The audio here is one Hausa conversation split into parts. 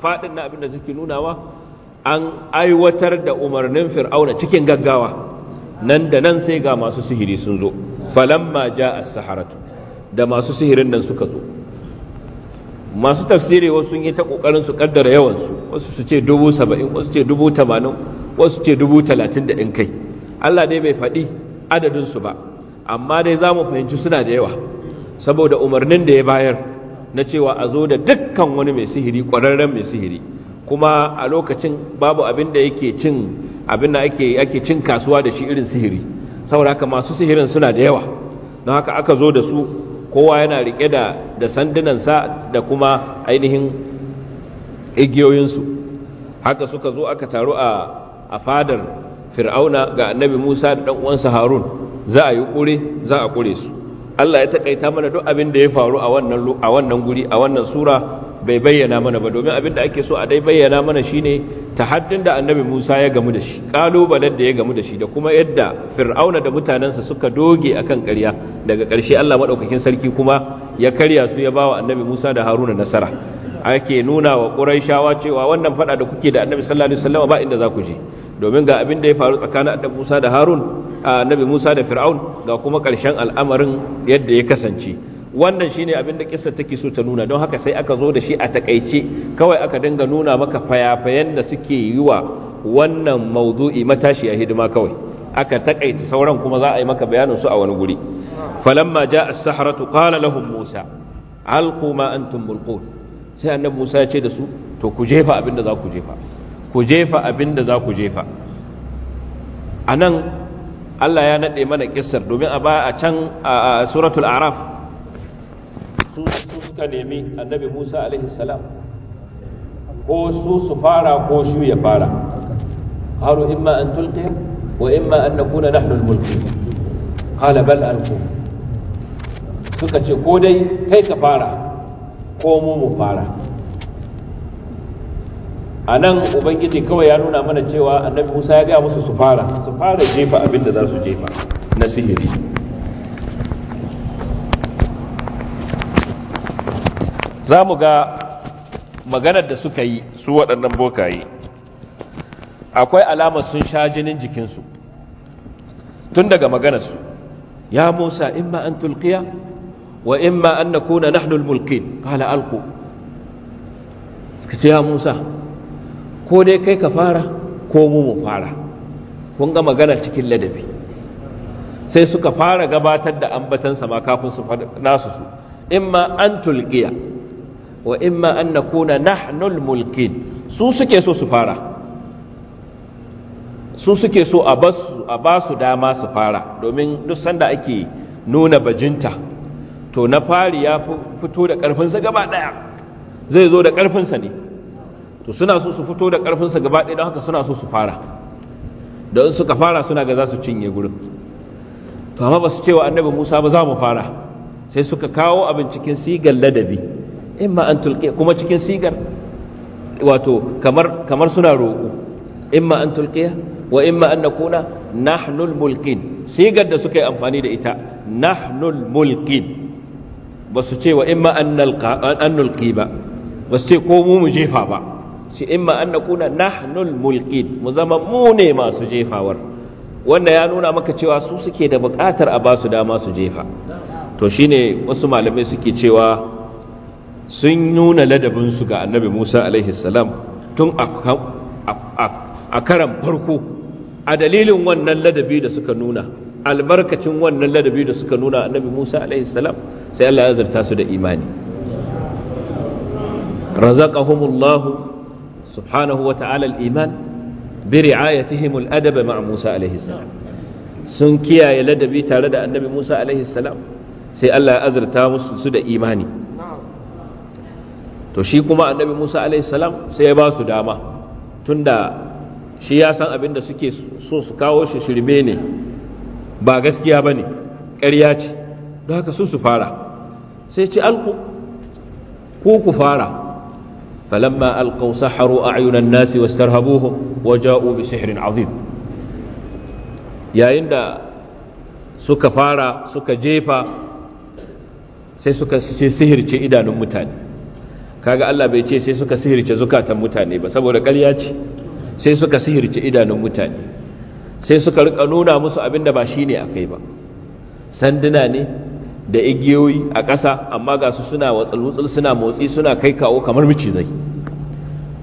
faɗin na abin da suke wa? an aiwatar da umarnin fir'auna cikin gaggawa nan da nan sai ga masu sihiri sun zo falamma ja'a saharatu da masu sihirin nan suka zo masu tafsiri wasu yi ta kokarin su kaddara yawan wasu su ce 70 wasu ce 80 wasu ce 30 da in kai Allah dai bai faɗi adadin su ba amma dai zamu fahimci suna da yawa saboda umarnin da ya bayar na cewa a zo da dukkan wani mai sihiri ƙwararren mai sihiri kuma a lokacin babu abin da yake cin abin da ake cin kasuwa da shi irin sihiri saboda haka masu sihirin suna da yawa don haka aka zo da su kowa yana rike da da sandunansa da kuma ainihin igiyoyinsu haka suka zo aka taru a a fadar fir'auna ga annabi musa da ɗan uwansa harun za a yi ƙure za a ƙure su Allah ya takaita mana duk abin da ya faru a wannan a wannan guri a wannan sura bai bayyana mana ba domin abin da ake so a dai bayyana mana shine tahaddin da annabi Musa ya gamu da shi kalubalen da ya gamu da shi da kuma yadda fir'auna da mutanansa suka doge akan ƙarya daga ƙarshe Allah madaukakin sarki kuma ya karya su ya bawa annabi Musa da Haruna nasara ake nuna wa Qurayshawa cewa wannan fada da kuke da annabi sallallahu alaihi wasallam ba inda za ku je domin ga abin da ya faru tsakanin annabi Musa da Harun annabi Musa da Fir'aun ga kuma ƙarshen al'amarin yadda ya kasance wannan shine abin da kissa take so ta nuna don haka sai aka zo da shi a takaice kawai aka dinga nuna maka fayafayen da suke yi wa wannan mawdu'i matashi a hidima kawai aka takaita sauran kuma za a yi maka bayanin su a wani guri falamma ja as-sahratu qala lahum Musa alqu ma antum mulqun sai annabi Musa ya ce da su to ku jefa abin da za ku jefa ku jefa abin da za ku jefa a nan Allah ya naɗe mana ƙisar domin a ba a can a suratul araf su suka nemi annabi musa alaihissalam ko su su fara ko shi ya fara ƙaru imma an tulƙiya wa imma an na kuna nahnul mulki ƙala bal alku suka ce ko dai kai ka fara ko mu mu fara a nan ubangiji kawai ya nuna mana cewa annabi musa ya gaya musu su fara su fara jefa abin da za su jefa na sihiri za mu ga maganar da suka yi su waɗannan bokaye akwai alamar sun sha jinin jikinsu tun daga maganarsu ya musa imma an tulkiya wa imma an na kuna nahnul mulkin kala alku ya musa ko dai kai ka fara ko mu mu fara kun ga magana cikin ladabi sai suka fara gabatar da ambatansa ma kafin su nasu su imma an tulqiya wa imma an nakuna nahnul mulkin su suke so su fara su suke so a basu a basu dama su fara domin duk sanda ake nuna bajinta to na fari ya fito da sa gaba daya zai zo da ƙarfinsa ne to suna so su fito da ƙarfinsa gaba ɗaya don haka suna so su fara da in suka fara suna ga za su cinye gurin to amma ba su cewa annabi musa ba za mu fara sai suka kawo abin cikin sigar ladabi in ma an tulke kuma cikin sigar wato kamar kamar suna roƙo in ma an tulke wa in ma an nakuna nahnul mulkin sigar da suka yi amfani da ita nahnul mulkin ba su ce wa in ma an nulki ba ba su ce ko mu mu jefa ba shi in an naquna nahnul mulkin mu zama mu ne masu jefawar wanda ya nuna maka cewa su suke da buƙatar a ba su dama su jefa to shine wasu malamai suke cewa sun nuna ladabinsu ga annabi Musa alaihi salam tun a karan farko a dalilin wannan ladabi da suka nuna albarkacin wannan ladabi da suka nuna annabi Musa alaihi salam sai Allah ya zarta su da imani razaqahumullahu subhanahu wa ta'ala al-iman bi ri'ayatihim al-adab ma'a Musa alaihi sun kiyaye ladabi tare da annabi Musa alaihi sai Allah ya azurta musu su da imani to shi kuma annabi Musa alaihi sai ya basu dama tunda shi ya san abin da suke so su kawo shi shirme ne ba gaskiya bane ƙarya ce don haka su fara sai ci alku ko ku fara فلما ألقوا سحروا أعين الناس واسترهبوهم وجاءوا بسحر عظيم يا إن سك فارا سك جيفا sai suka sihirce idanun mutane kaga Allah bai ce sai suka sihirce zukatan mutane ba saboda ƙarya ce sai suka sihirce idanun mutane sai suka rika nuna musu abinda ba shi shine akai ba sanduna ne da igiyoyi a ƙasa amma ga su suna watsalwutsul suna motsi suna kai kawo kamar micizai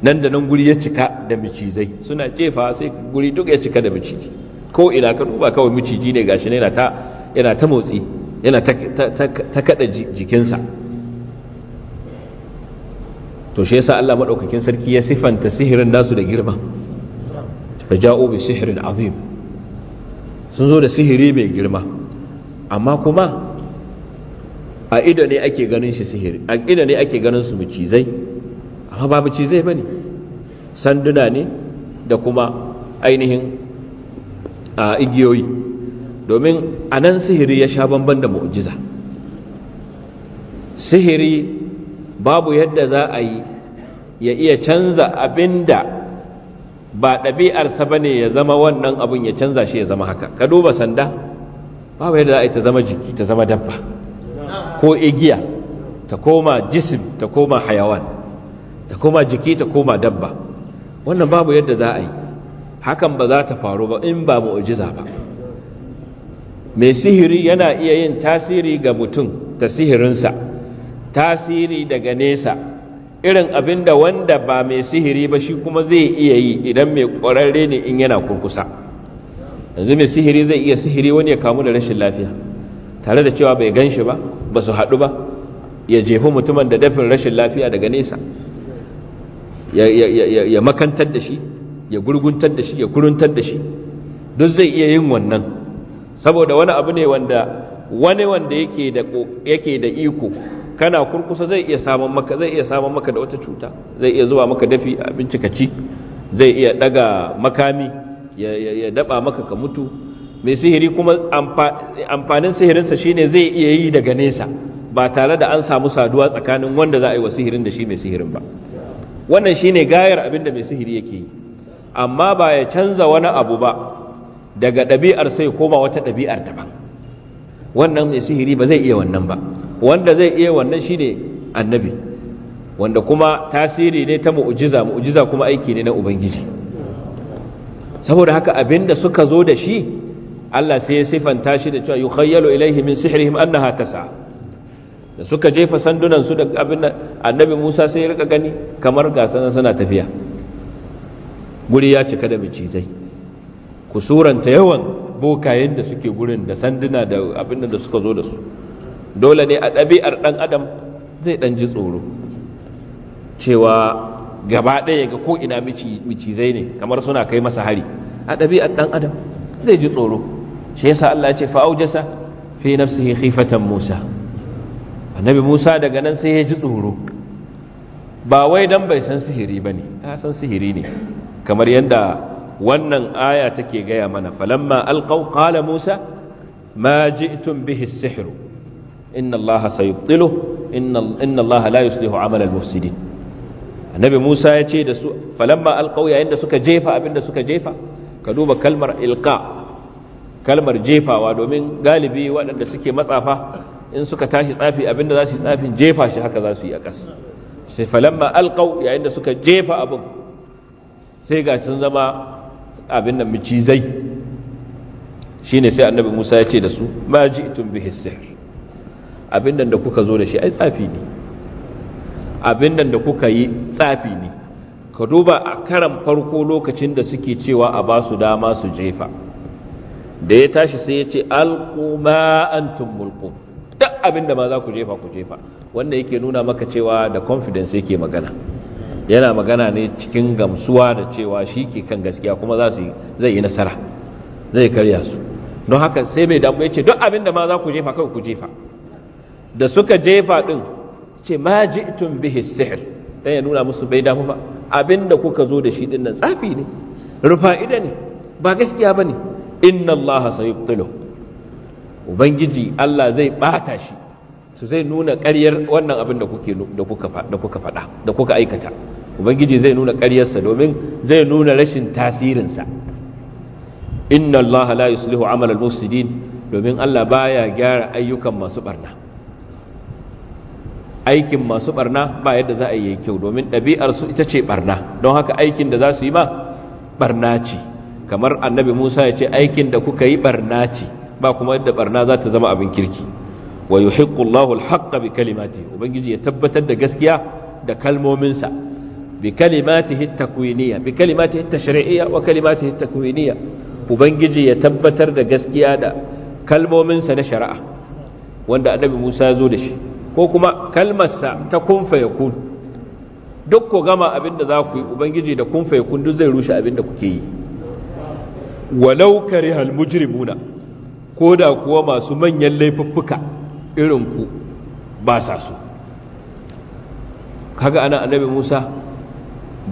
nan da nan guri ya cika da micizai suna cefa sai guri duk ya cika da miciji ko ina ka duba kawai miciji ne gashi ne yana ta motsi yana ta kada jikinsa to shi yasa Allah madaukakin sarki ya sifanta sihirin nasu da girma faja'u bi sihirin azim sun zo da sihiri mai girma amma kuma a ido ne ake ganin shi sihiri a ido ne ake ganin su mucizai amma ba mucizai bane sanduna ne da kuma ainihin a igiyoyi domin a nan sihiri ya sha bamban da mu'jiza sihiri babu yadda za a yi ya iya canza abinda ba ɗabi'arsa ba ne ya zama wannan abin ya canza shi ya zama haka ka duba sanda babu yadda za a yi ta zama jiki ta zama dabba ko igiya ta koma jisim ta koma hayawan ta koma jiki ta koma dabba wannan babu yadda za a yi hakan ba za ta faru ba in ba mu'ujiza ba mai sihiri yana iya yin tasiri ga mutum ta sihirinsa tasiri daga nesa irin abin da wanda ba mai sihiri ba shi kuma zai iya yi idan mai ƙwararre ne in yana kurkusa yanzu mai sihiri zai iya sihiri wani ya kamu da rashin lafiya tare da cewa bai gan shi ba ba su haɗu ba ya jefi mutumin da dafin rashin lafiya daga nesa ya makantar da shi ya gurguntar da shi ya kuruntar da shi duk zai iya yin wannan saboda wani abu ne wanda wani wanda yake da iko kana kurkusa zai iya samun maka zai iya samun maka da wata cuta zai iya zuwa maka dafi abinci ci zai iya daga makami ya daba maka ka mutu mai sihiri kuma amfanin sihirinsa shine zai iya yi daga nesa ba tare da an samu saduwa tsakanin wanda za a yi wa sihirin da shi mai sihirin ba wannan shine gayar abin da mai sihiri yake yi amma ba ya canza wani abu ba daga ɗabi'ar sai koma wata ɗabi'ar daban wannan mai sihiri ba zai iya wannan ba wanda zai iya wannan shine annabi wanda kuma tasiri ne ta mu'ujiza. Mu'ujiza kuma aiki ne na ubangiji saboda haka abinda suka zo da shi Allah sai ya sifanta shi da cewa yukhayyalu ilaihi min sihrihim annaha tas'a da suka jefa sandunan su da abin annabi Musa sai ya rika gani kamar sanan suna tafiya guri ya cika da macizai ku suranta yawan bokayen da suke gurin da sanduna da abin da suka zo da su dole ne a ɗabi'ar ɗan adam zai ɗan ji tsoro cewa gaba ɗaya ga ko ina micizai ne kamar suna kai masa hari a ɗabi'ar ɗan adam zai ji tsoro shi yasa Allah ya ce fa fi nafsihi khifatan Musa annabi Musa daga nan sai ya ji tsoro ba wai dan bai san sihiri bane ya san sihiri ne kamar yadda wannan aya take gaya mana falamma alqaw qala Musa ma ji'tum bihi as-sihr inna Allah sayubtiluh inna Allah la yuslihu amal al-mufsidin annabi Musa ya ce da su falamma alqaw yayin da suka jefa abinda suka jefa ka duba kalmar ilqa kalmar jefawa domin galibi waɗanda suke matsafa in suka tashi tsafi abinda za su yi tsafin jefa shi haka za su yi a ƙas sai falamma alƙau yayin da suka jefa abin sai ga sun zama abin nan micizai ne sai annabi Musa ya ce da su ma itun bihi sihr abin nan da kuka zo da shi ai tsafi ne abin da kuka yi tsafi ne ka duba a karan farko lokacin da suke cewa a ba su dama su jefa da ya tashi sai ya ce alqu an antum duk abinda ma za ku jefa ku jefa wanda yake nuna maka cewa da confidence yake magana yana magana ne cikin gamsuwa da cewa shi ke kan gaskiya kuma za su zai yi nasara zai karya su don haka sai mai damu ya ce duk abinda ma za ku jefa kawai ku jefa da suka jefa din ce ma ji tun bihi sihir dan ya nuna musu bai damu ba abinda kuka zo da shi din nan tsafi ne rufa ne ba gaskiya bane inna Allah sayubtilu ubangiji Allah zai bata shi su zai nuna ƙaryar wannan abin da kuke da kuka da kuka faɗa da kuka aikata ubangiji zai nuna karyarsa domin zai nuna rashin tasirinsa inna Allah la yuslihu amal al-mufsidin domin Allah baya gyara ayyukan masu barna aikin masu barna ba yadda za a yi kyau domin ɗabi'ar su ita ce barna don haka aikin da za su yi ma barna ce kamar annabi Musa ya ce aikin da kuka yi barna ce ba kuma yadda barna za ta zama abin kirki wa yuhiqqu Allahu al-haqqa bi kalimati ubangiji ya tabbatar da gaskiya da kalmominsa bi kalimatihi at-takwiniyya bi kalimatihi at-tashri'iyya wa kalimatihi at-takwiniyya ubangiji ya tabbatar da gaskiya da kalmominsa na shari'a wanda annabi Musa ya zo da shi ko kuma kalmarsa ta kun duk ku gama abinda za ku yi ubangiji da kun fayakun duk zai rushe abin da kuke yi walau karihal mujrimuna ko da kuwa masu manyan laifuffuka irin ku ba sa su kaga ana annabi Musa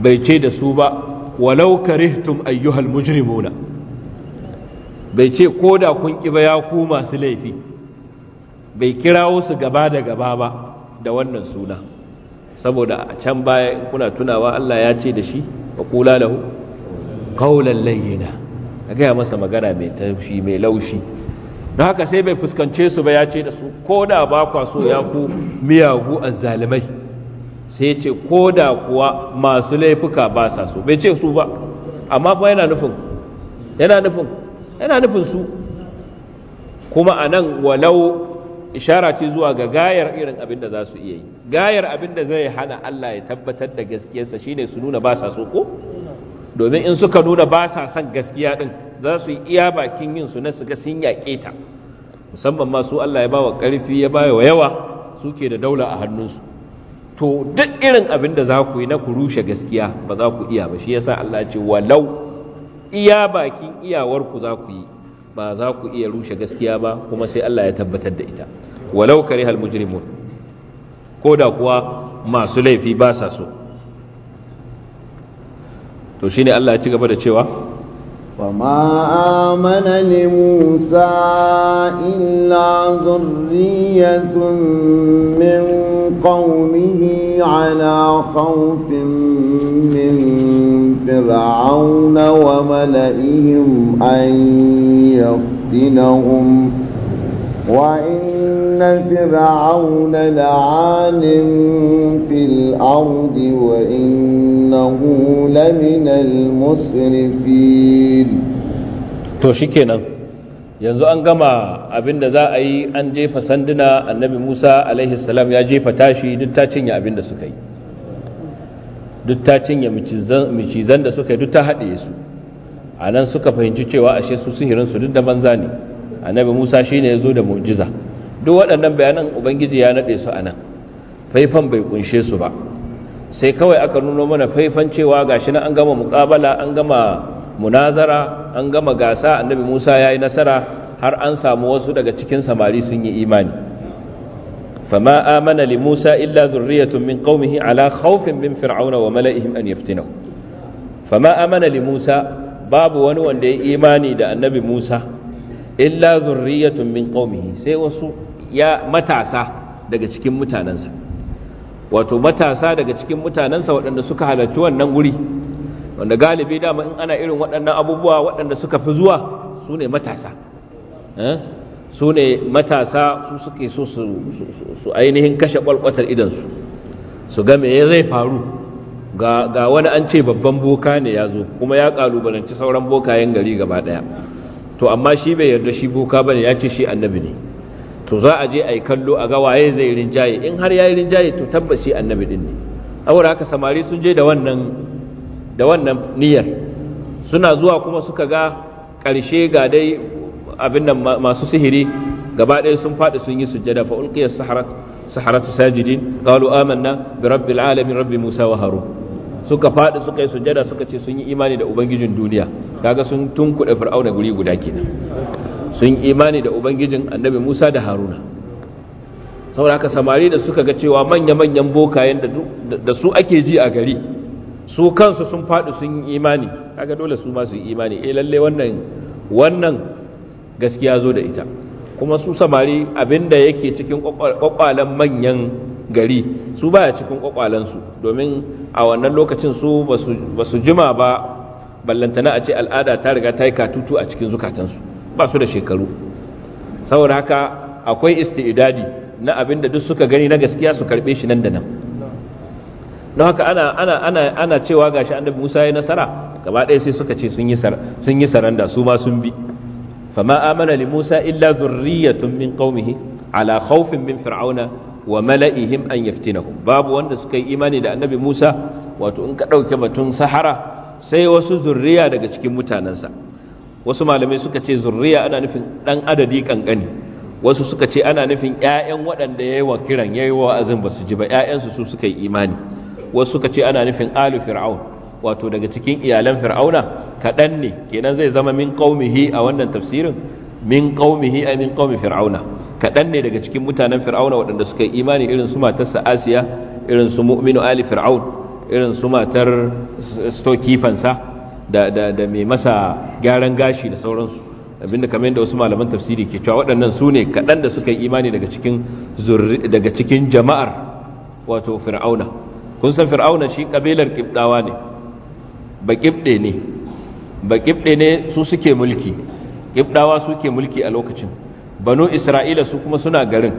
bai ce da su ba walau tum ayyu mujrimuna bai ce ko da kun ba ya ku masu laifi bai kirawo su gaba da gaba ba da wannan suna saboda a can baya kuna tunawa Allah ya ce da shi wa kula lahu qawlan layyina a gaya masa magana mai taushi mai laushi na haka sai bai fuskance su ba ya ce da su ko da ba kwa ya ku miyagu a zalimai sai ce ko da kuwa masu laifuka ba sa so bai ce su ba amma fa yana nufin yana nufin yana nufin su kuma a nan walau ishara ce zuwa ga gayar irin abin da za su iya yi gayar abin da zai hana Allah ya tabbatar da gaskiyarsa shine su nuna ba sa so ko domin in suka nuna ba sa son gaskiya din za su yi iya bakin yin su na su ga sun yaƙe ta musamman ma su Allah ya bawa ƙarfi ya bawa yawa suke da daula a hannunsu to duk irin abin da za ku yi na ku rushe gaskiya ba za ku iya ba shi yasa Allah ce walau iya bakin iyawar ku za ku yi ba za ku iya rushe gaskiya ba kuma sai Allah ya tabbatar da ita walau karihal mujrimun ko da kuwa masu laifi ba sa so to shine Allah ya ci gaba da cewa وما آمن لموسى إلا ذرية من قومه على خوف من فرعون وملئهم أن يفتنهم وإن فرعون لعال في الأرض وإنه لمن المسرفين to shikenan yanzu an gama abin da za a yi an jefa sanduna annabi Musa alaihi salam ya jefa tashi duk ta cinye abin da suka yi duk ta cinye micizan da suka yi duk ta haɗe su a nan suka fahimci cewa ashe su sihirinsu duk da banza ne annabi Musa shine yazo da mu'jiza duk waɗannan bayanan ubangiji ya naɗe su anan faifan bai kunshe su ba sai kawai aka nuno mana faifan cewa gashi na an gama muqabala an gama munazara an gama gasa annabi Musa ya yi nasara har an samu wasu daga cikin samari sun yi imani fama amana li Musa illa zurriyatun min qaumihi ala khawfin min fir'auna wa mala'ihim an yaftinahu fama amana li Musa babu wani wanda ya imani da annabi Musa illa zurriyatun min qaumihi sai wasu ya matasa daga cikin mutanansa wato matasa daga cikin mutanansa waɗanda suka halarci wannan guri wanda galibi dama in ana irin waɗannan abubuwa waɗanda suka fi zuwa su ne matasa eh? su ne matasa su suke so su ainihin kashe ƙwalƙwatar idansu su ga me zai faru ga wani an ce babban boka ne ya zo kuma ya ƙalubalanci sauran bokayen gari gaba ɗaya to amma shi bai yarda shi buka bane ya ce shi annabi ne to za a je a yi kallo a ga waye zai rinjaye in har ya yayi rinjaye to tabbaci shi annabi din ne saboda haka samari sun je da wannan da wannan niyyar suna zuwa kuma suka ga ƙarshe ga dai abin nan masu sihiri gaba ɗaya sun faɗi sun yi sujjada fa ulqiya saharat saharatu sajidin qalu amanna bi rabbil alamin rabbi musa wa harun suka faɗi suka yi sujjada suka ce sun yi imani da ubangijin duniya kaga sun tunkuɗe fir'auna guri guda kenan sun imani da ubangijin annabi Musa da Haruna saboda haka samari da suka ga cewa manya-manyan bokayen da su ake ji a gari su kansu sun faɗi sun yi imani kaga dole su masu imani eh lalle wannan gaskiya zo da ita kuma su samari abinda yake cikin kwakwalen manyan gari su baya cikin kwakwalensu domin a wannan lokacin su ba su jima ba ballantana a ce al'ada ta riga ta yi katutu a cikin zukatansu ba su da shekaru saboda haka akwai isti'idadi na abin da duk suka gani na gaskiya su karbe shi nan da nan don haka ana ana ana ana cewa gashi annabi Musa ya nasara gaba ɗaya sai suka ce sun yi saranda su ma sun bi fama amana li Musa illa zurriyatun min qaumihi ala khawfin min fir'auna wa mala'ihim an yaftinahum babu wanda suka yi imani da annabi Musa wato in ka dauke batun sahara sai wasu zurriya daga cikin mutanensa wasu malamai suka ce zurriya ana nufin ɗan adadi kankani wasu suka ce ana nufin 'ya'yan waɗanda ya yi wa kiran ya yi wa azin ba su ji ba 'ya'yansu su suka yi imani wasu suka ce ana nufin alu fir'aun wato daga cikin iyalan fir'auna kaɗan ne kenan zai zama min qaumihi a wannan tafsirin min qaumihi ay min qaumi fir'auna kaɗan ne daga cikin mutanen fir'auna waɗanda suka yi imani irin su matarsa asiya irin su mu'minu ali fir'aun irin su matar stokifansa da mai masa gyaran gashi da sauransu abinda kamar yadda wasu malaman tafsiri ke cewa waɗannan su ne kaɗan da suka yi imani daga cikin jama'ar wato fir'auna kun san fir'auna shi ƙabilar kibdawa ne ba ƙibɗe ne ba ƙibɗe ne su suke mulki kibdawa suke mulki a lokacin banu isra'ila su kuma suna garin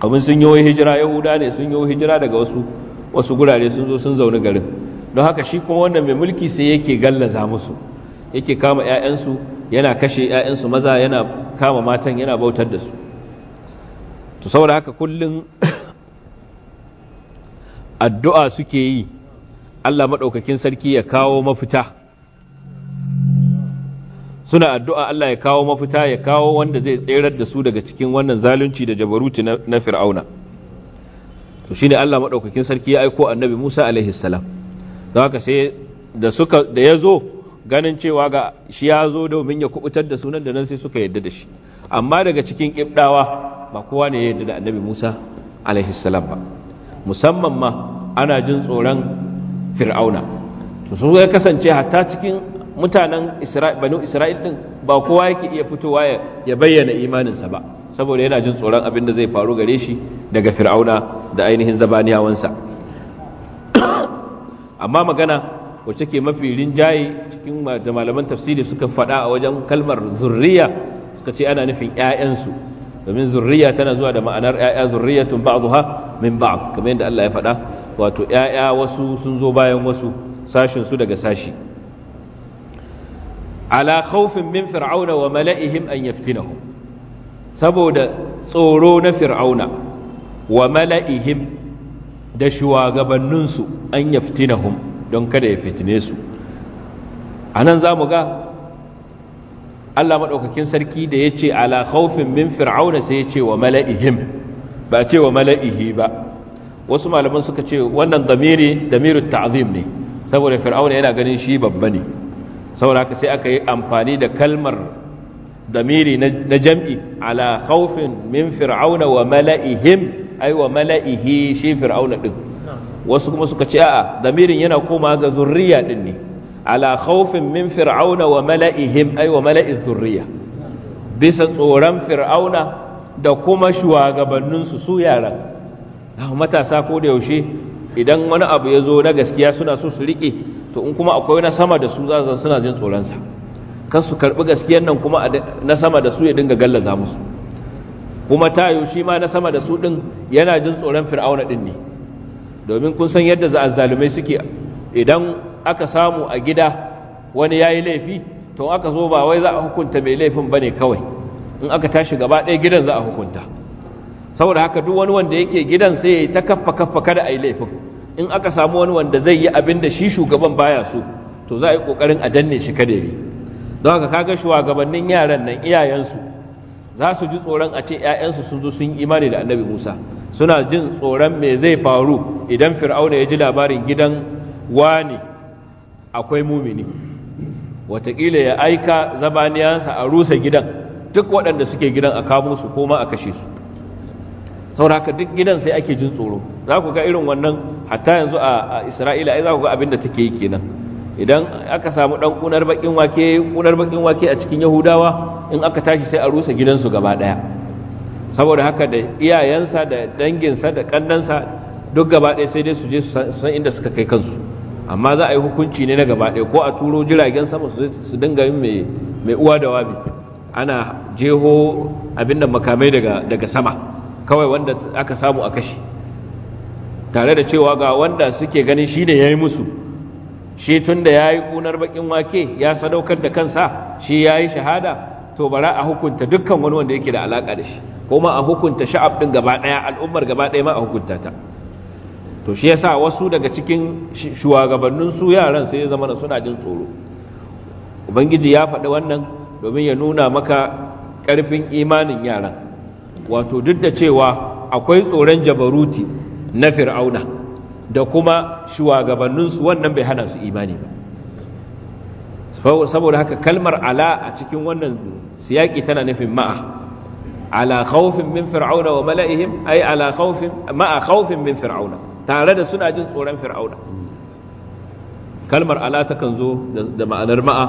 abin sun yi hijira yahuda ne sun yi hijira daga wasu wasu gurare sun zo sun zaune garin don haka shi kuma wannan mai mulki sai yake gallaza musu yake kama ƴaƴansu yana kashe yayansu maza yana kama matan yana bautar da su to saboda haka kullum addu'a suke yi Allah maɗaukakin sarki ya kawo mafita suna addu'a Allah ya kawo mafita ya kawo wanda zai tserar da su daga cikin wannan zalunci da jabaruti na fir'auna to shine Allah maɗaukakin sarki ya aiko annabi Musa alaihi Zaka haka sai da suka da ya zo ganin cewa ga shi ya zo domin ya kubutar da sunan da nan sai suka yadda da shi amma daga cikin kibdawa ba kowa ne ya yadda da annabi musa salam ba musamman ma ana jin tsoron fir'auna to su ya kasance hatta cikin mutanen banu isra'il din ba kowa yake iya fitowa ya bayyana imaninsa ba saboda yana jin tsoron abin da zai faru gare shi daga fir'auna da ainihin zabaniyawansa amma magana wacce ke mafi rinjaye cikin da malaman tafsiri suka faɗa a wajen kalmar zurriya suka ce ana nufin ‘ya'yansu domin zurriya tana zuwa da ma'anar ‘ya'ya zurriyatun ba'duha min ba'd kamar yadda Allah ya faɗa wato ‘ya'ya wasu sun zo bayan wasu sashin su daga sashi ala khawfin min fir'auna wa mala'ihim an yaftinahum saboda tsoro na fir'auna wa mala'ihim da shugabanninsu an ya yaftinahum don kada ya fitine su A nan za mu ga Allah maɗaukakin sarki da ya ce ala haufin min fir'auna sai ya ce wa mala'ihim ba ce wa mala'ihi ba wasu malaman suka ce wannan damiri damiru ta'azim ne saboda fir'auna yana ganin shi babba ne saboda sai aka yi amfani da kalmar damiri na jam'i ala haufin min fir'auna wa mala'ihim ai wa mala'ihi shi fir'auna din wasu kuma suka ce a'a damirin yana koma ga zurriya din ne ala khawfin min fir'auna wa mala'ihim ai wa zurriya bisa tsoron fir'auna da kuma shugabanninsu su yaran matasa ko da yaushe idan wani abu ya zo na gaskiya suna so su rike to in kuma akwai na sama da su za suna jin tsoronsa kan su karɓi gaskiyar nan kuma na sama da su ya dinga gallaza musu kuma ta shi ma na sama da su ɗin yana jin tsoron fir'auna ɗin ne domin kun san yadda zalumai suke idan aka samu a gida wani yayi laifi to aka zo ba wai za a hukunta mai laifin ba ne kawai in aka tashi gaba ɗaya gidan za a hukunta saboda haka duk wani wanda yake gidan sai ya ta kaffa kaffa kada a yi laifin in aka samu wani wanda zai yi abin da shi shugaban baya so to za a yi kokarin a danne shi kada yi don haka kaga shugabannin yaran nan iyayensu za su ji tsoron a ce ‘ya'yansu sun zo sun imani da annabi musa suna jin tsoron mai zai faru idan fir'auna ya ji labarin gidan wani akwai mumini watakila ya aika zabaniyansa a rusa gidan duk waɗanda suke gidan a kamo su ko a kashe su sauraka duk gidan sai ake jin tsoro za ku ga irin wannan hatta yanzu a isra'ila ai za ku ga abin da take yi kenan idan aka samu ɗan ƙunar baƙin wake ƙunar wake a cikin yahudawa in aka tashi sai a rusa gidansu gaba daya saboda haka da iyayensa da danginsa da kandansa duk gaba daya sai dai su je su san inda suka kai kansu amma za a yi hukunci ne na gaba daya ko a turo jiragen sama su dinga yin mai uwa da wabi ana jeho abin da makamai daga sama kawai wanda aka samu a kashi tare da cewa ga wanda suke ganin shi ne ya yi musu shi tun da ya yi ƙunar baƙin wake ya sadaukar da kansa shi ya yi shahada to bara a hukunta dukkan wani wanda yake da alaka da shi kuma a hukunta sha'ab din gaba daya al'ummar gaba daya ma a hukunta ta to shi yasa wasu daga cikin shugabannin su yaran sai ya zama suna jin tsoro ubangiji ya faɗi wannan domin ya nuna maka ƙarfin imanin yaran wato duk da cewa akwai tsoron jabaruti na fir'auna da kuma shugabanninsu wannan bai hana su imani ba saboda haka kalmar ala a cikin wannan siyaki tana nufin ma'a ala khawfin min fir'auna wa mala'ihim ay ala khawfin ma'a khawfin min fir'auna tare da suna jin tsoron fir'auna kalmar ala zo da ma'anar ma'a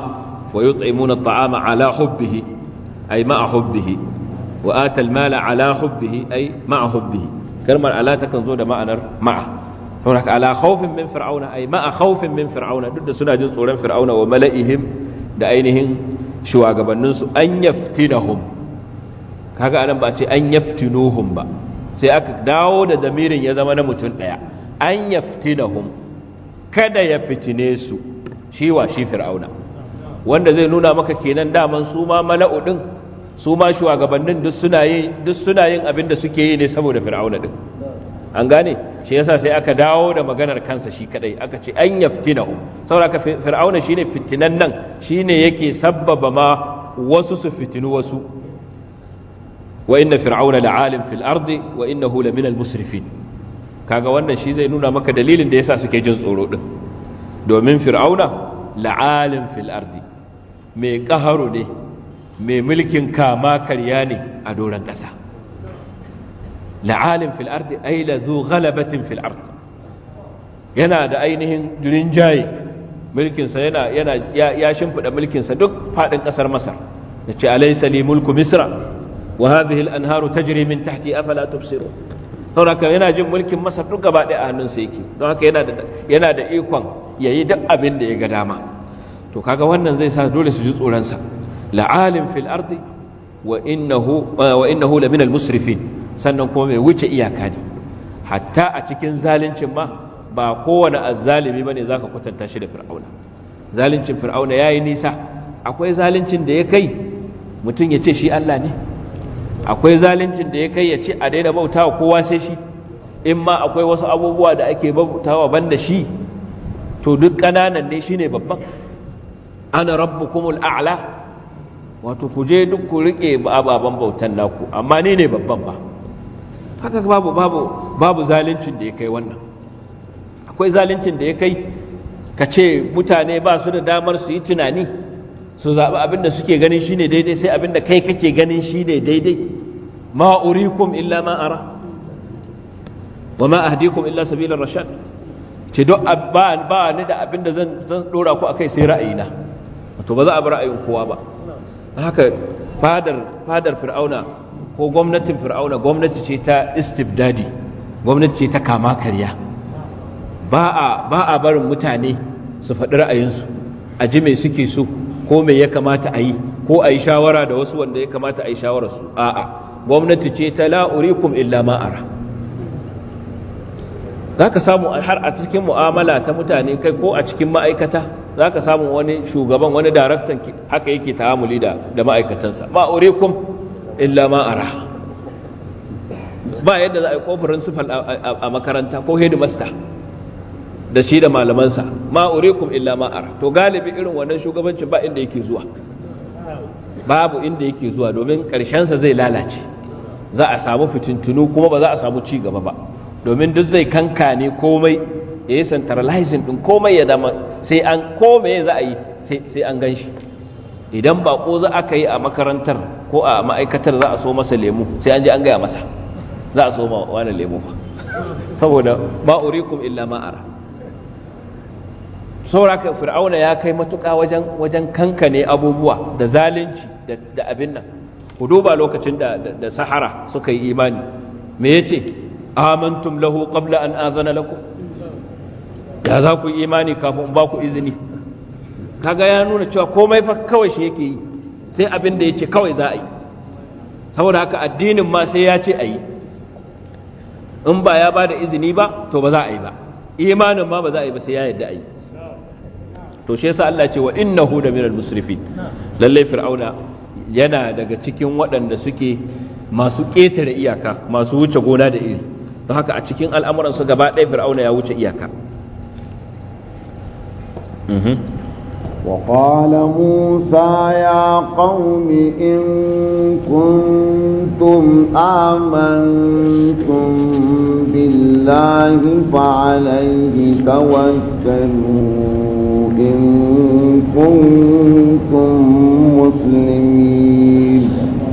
wa yut'imuna at'ama ala hubbihi ay ma'a hubbihi wa ata al-mala ala hubbihi ay ma'a hubbihi kalmar ala takan zo da ma'anar ma'a don ala khawfin min fir'auna ay ma'a khawfin min fir'auna duk da suna jin tsoron fir'auna wa mala'ihim da ainihin shugabannin su an yaftinahum kaga anan ba ce an yaftinuhum ba sai aka dawo da zamirin ya zama na mutum daya an yaftinahum kada ya fitine su shi wa shi fir'auna wanda zai nuna maka kenan daman su ma mala'u din su ma shugabannin duk suna yin duk suna yin abin da suke yi ne saboda fir'auna din an gane shi yasa sai aka dawo da maganar kansa shi kadai aka ce an yaftinahu saboda ka fir'auna shine fitinan nan shine yake sabbaba ma wasu su fitinu wasu wa inna fir'auna la'alim fil ardi wa innahu lamina musrifin kaga wannan shi zai nuna maka dalilin da yasa suke jin tsoro din domin fir'auna la'alim fil ardi mai kaharu ne mai mulkin kama karya ne a doron ƙasa la'alim fil ardi ay la zu ghalabatin fil yana da ainihin rinjaye mulkinsa ya shimfida mulkinsa duk fadin kasar masar yace alaysa li mulku misra wa hadhihi al anharu ta min tahti afala tubsirun sauraka yana jin mulkin masar duk gaba ɗaya a hannunsa yake don haka yana da ikon ya yi duk abin ya ga dama to kaga wannan zai sa dole su ji tsoronsa la'alim fil wa innahu la min al musrifin sannan kuma mai wuce iyaka ne hatta a cikin zalincin ma ba kowane azzalimi bane zaka kwatanta shi da fir'auna zalincin fir'auna yayi nisa akwai zalincin da ya kai mutum ya ce shi Allah ne akwai zalincin da ya kai ya ce a daina bautawa kowa sai shi in ma akwai wasu abubuwa da ake bautawa banda shi to duk kananan ne shine babban ana rabbukumul a'la wato ku je duk ku rike ababen bautan naku amma ni ne babban ba haka babu babu babu zaluncin da ya kai wannan akwai zaluncin da ya kai ka ce mutane ba su da damar su yi tunani su zaɓi abin da suke ganin shi ne daidai sai abin da kai kake ganin shi ne daidai ma urikum illa ma ara wa ma ahdikum illa sabilar rashad ce duk ba ba ni da abin da zan dora ku akai sai ra'ayina to ba za a bi ra'ayin kowa ba haka fadar fadar fir'auna ko gwamnatin fir'auna gwamnati ce ta istibdadi gwamnati ce ta kama karya ba a barin mutane su faɗi ra'ayinsu a ji mai suke so ko mai ya kamata a yi ko a yi shawara da wasu wanda ya kamata a yi shawararsu a'a gwamnati ce ta la'urikum illa ma'ara za ka samu har a cikin mu'amala ta mutane kai ko a cikin ma'aikata za ka samu wani shugaban wani daraktan haka yake ta'amuli da ma'aikatansa ma'urikum illa ma ara ba yadda za a yi ko a makaranta ko headmaster da shi da malamansa ma urikum illa ma ara to galibi irin wannan shugabancin ba inda yake zuwa babu inda yake zuwa domin karshensa zai lalace za a samu fitintunu kuma ba za a samu ci gaba ba domin duk zai kankane komai ya yi centralizing din komai ya dama sai an komai za a yi sai an gan shi idan ko za aka yi a makarantar ko a ma'aikatar za a so masa lemu sai an je an gaya masa za a so ma wani lemu saboda ma'urikum illa ma'ara sauraka fir'auna ya kai matuƙa wajen kankane abubuwa da zalunci da abin nan ku duba lokacin da sahara suka yi imani me yace amintum lahu kabla an azana lakum ya za ku imani kafin ba ku izini kaga ya nuna cewa komai fa kawai shi yake yi sai abin da ya ce kawai za a yi saboda haka addinin ma sai ya ce a yi in ba ya ba da izini ba to ba za a yi ba imanin ma ba za a yi ba sai ya yadda a yi to shi yasa Allah ce wa innahu da minal musrifin lalle fir'auna yana daga cikin waɗanda suke masu ƙetare iyaka masu wuce gona da iri don haka a cikin al'amuransu gaba ɗaya fir'auna ya wuce iyaka mhm. وقال موسى يا قوم إن كنتم آمنتم بالله فعليه توكلوا إن كنتم مسلمين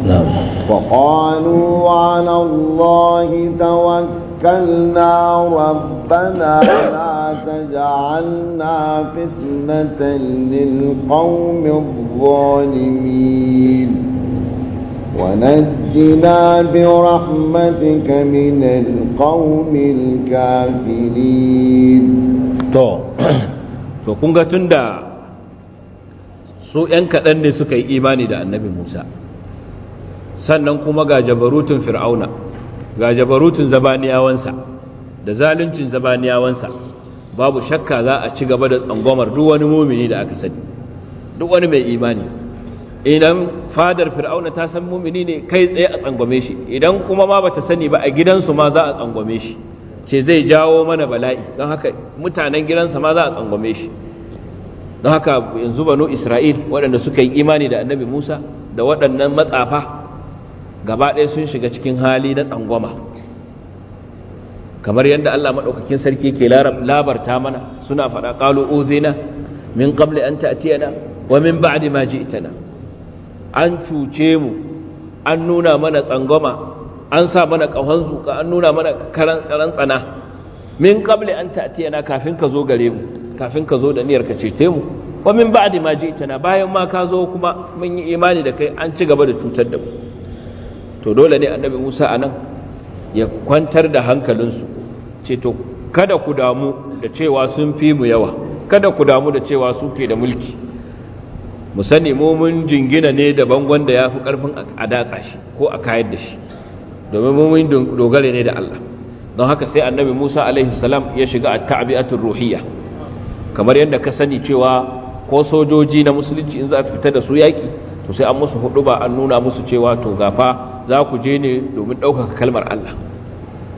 نعم. فقالوا على الله توكلوا توكلنا ربنا لا تجعلنا فتنة للقوم الظالمين ونجنا برحمتك من القوم الكافرين تو to kun ga tunda su 'yan kaɗan ne suka yi imani da annabi musa sannan kuma ga jabarutun fir'auna ga jabarutun zabaniyawansa da zaluncin zabaniyawansa babu shakka za a ci gaba da tsangwamar duk wani mumini da aka sani duk wani mai imani idan fadar fir'auna ta san mumini ne kai tsaye a tsangwame shi idan kuma ma bata sani ba a gidansu ma za a tsangwame shi ce zai jawo mana bala'i don haka mutanen gidansa ma za a tsangwame shi don haka yanzu banu isra'il waɗanda suka yi imani da annabi musa da waɗannan matsafa gaba ɗaya sun shiga cikin hali na tsangwama kamar yadda Allah maɗaukakin sarki ke labarta mana suna faɗa ƙalo uzina min ƙamle an na, wa min ba'di ma ji na, an cuce mu an nuna mana tsangwama an sa mana ƙahon zuka an nuna mana karan tsaran tsana min qabli an na kafin ka zo gare mu kafin ka zo da niyar ka cece mu wa min ba'di ma ji na, bayan ma ka zo kuma mun yi imani da kai an ci gaba da cutar da mu to dole ne annabi musa a nan ya kwantar da hankalinsu ce to kada ku damu da cewa sun fi mu yawa kada ku damu da cewa su ke da mulki mu sani mu mun jingina ne da bangon da ya fi ƙarfin a datsa shi ko a kayar da shi domin mu mun dogare ne da Allah don haka sai annabi Musa alaihi salam ya shiga a ta'abi'atul ruhiyya kamar yadda ka sani cewa ko sojoji na musulunci in za a fita da su yaƙi to sai an musu hudu ba an nuna musu cewa to gafa za ku je ne domin ɗaukaka kalmar Allah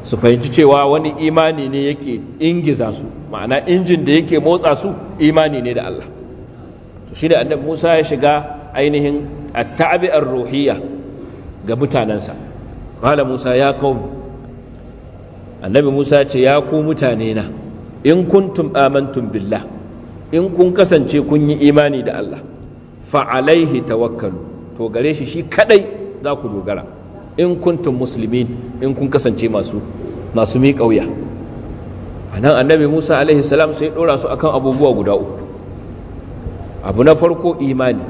su fahimci cewa wani imani ne yake ingiza su ma'ana injin da yake motsa su imani ne da Allah to shi da annabi Musa ya shiga ainihin at-ta'bi'ar ruhiyya ga mutanansa qala Musa ya qaum annabi Musa ce ya ku mutane na in kuntum amantum billah in kun kasance kun yi imani da Allah fa'alaihi ta tawakkalu to gare shi shi kadai za ku dogara in kuntun musulmin, in kun kasance masu masu mi kauya anan annabi Musa alaihi salam sai dora su akan abubuwa guda uku abu na farko imani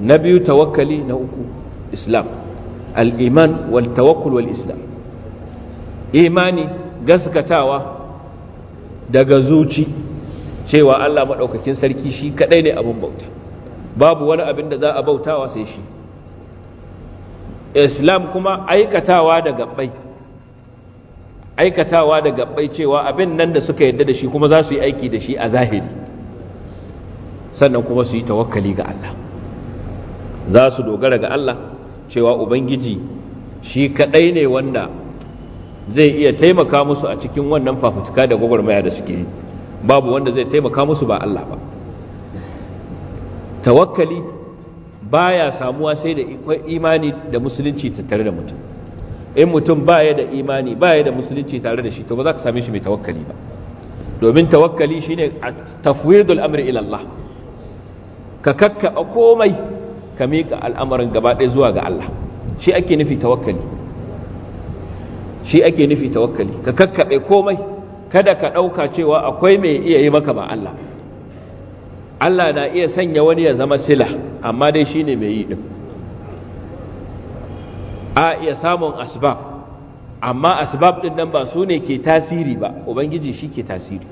na biyu tawakkali na uku islam al-iman wal tawakkul wal islam imani gaskatawa daga zuci cewa Allah madaukakin sarki shi kadai ne abin bauta babu wani abin da za a bautawa sai shi islam kuma aikatawa da gabbai aikatawa da gabbai cewa abin nan da suka yadda da shi kuma za su yi aiki da shi a zahiri sannan kuma su yi tawakkali ga Allah za su dogara ga Allah cewa ubangiji shi kadai ne wanda zai iya taimaka musu a cikin wannan fafutuka da gwagwarmaya da suke yi babu wanda zai taimaka musu ba Allah ba tawakkali baya samuwa sai da imani da musulunci tattare da mutum in mutum baya da imani baya da musulunci tare da shi to ba za ka same shi mai tawakkali ba domin tawakkali shine tafwidul amri ila Allah ka kakkaba komai ka mika al'amarin gaba ɗaya zuwa ga Allah shi ake nufi tawakkali shi ake nufi tawakkali ka kakkabe komai kada ka ɗauka cewa akwai mai iya yi maka ba Allah Allah na iya sanya wani ya zama sila amma dai shi ne mai yi ɗin a iya samun asbab amma asbab ɗin nan ba su ne ke tasiri ba ubangiji shi ke tasiri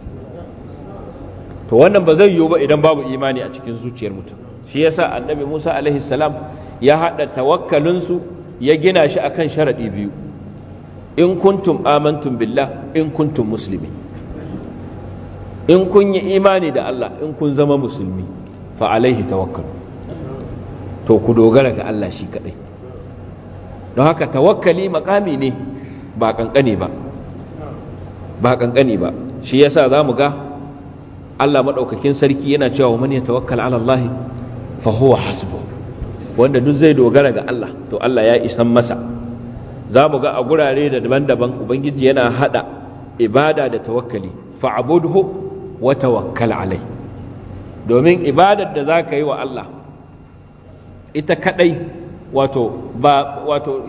to wannan ba zai yiwu ba idan babu imani a cikin zuciyar mutum shi yasa annabi musa salam ya haɗa tawakkalinsu ya gina shi akan sharaɗi biyu in kuntum amantum billah in kuntum muslimin in kun yi imani da Allah in kun zama musulmi fa alaihi tawakkalu to ku dogara ga Allah shi kadai don haka tawakkali makami ne ba kankane ba ba kankane ba shi yasa zamu ga Allah madaukakin sarki yana cewa man yatawakkal ala Allah fa huwa hasbu wanda duk zai dogara ga Allah to Allah ya isan masa zamu ga a gurare da daban-daban ubangiji yana hada ibada da tawakkali fa'budhu Wata tawakkal alai domin ibadar da zaka yi wa Allah ita kadai wato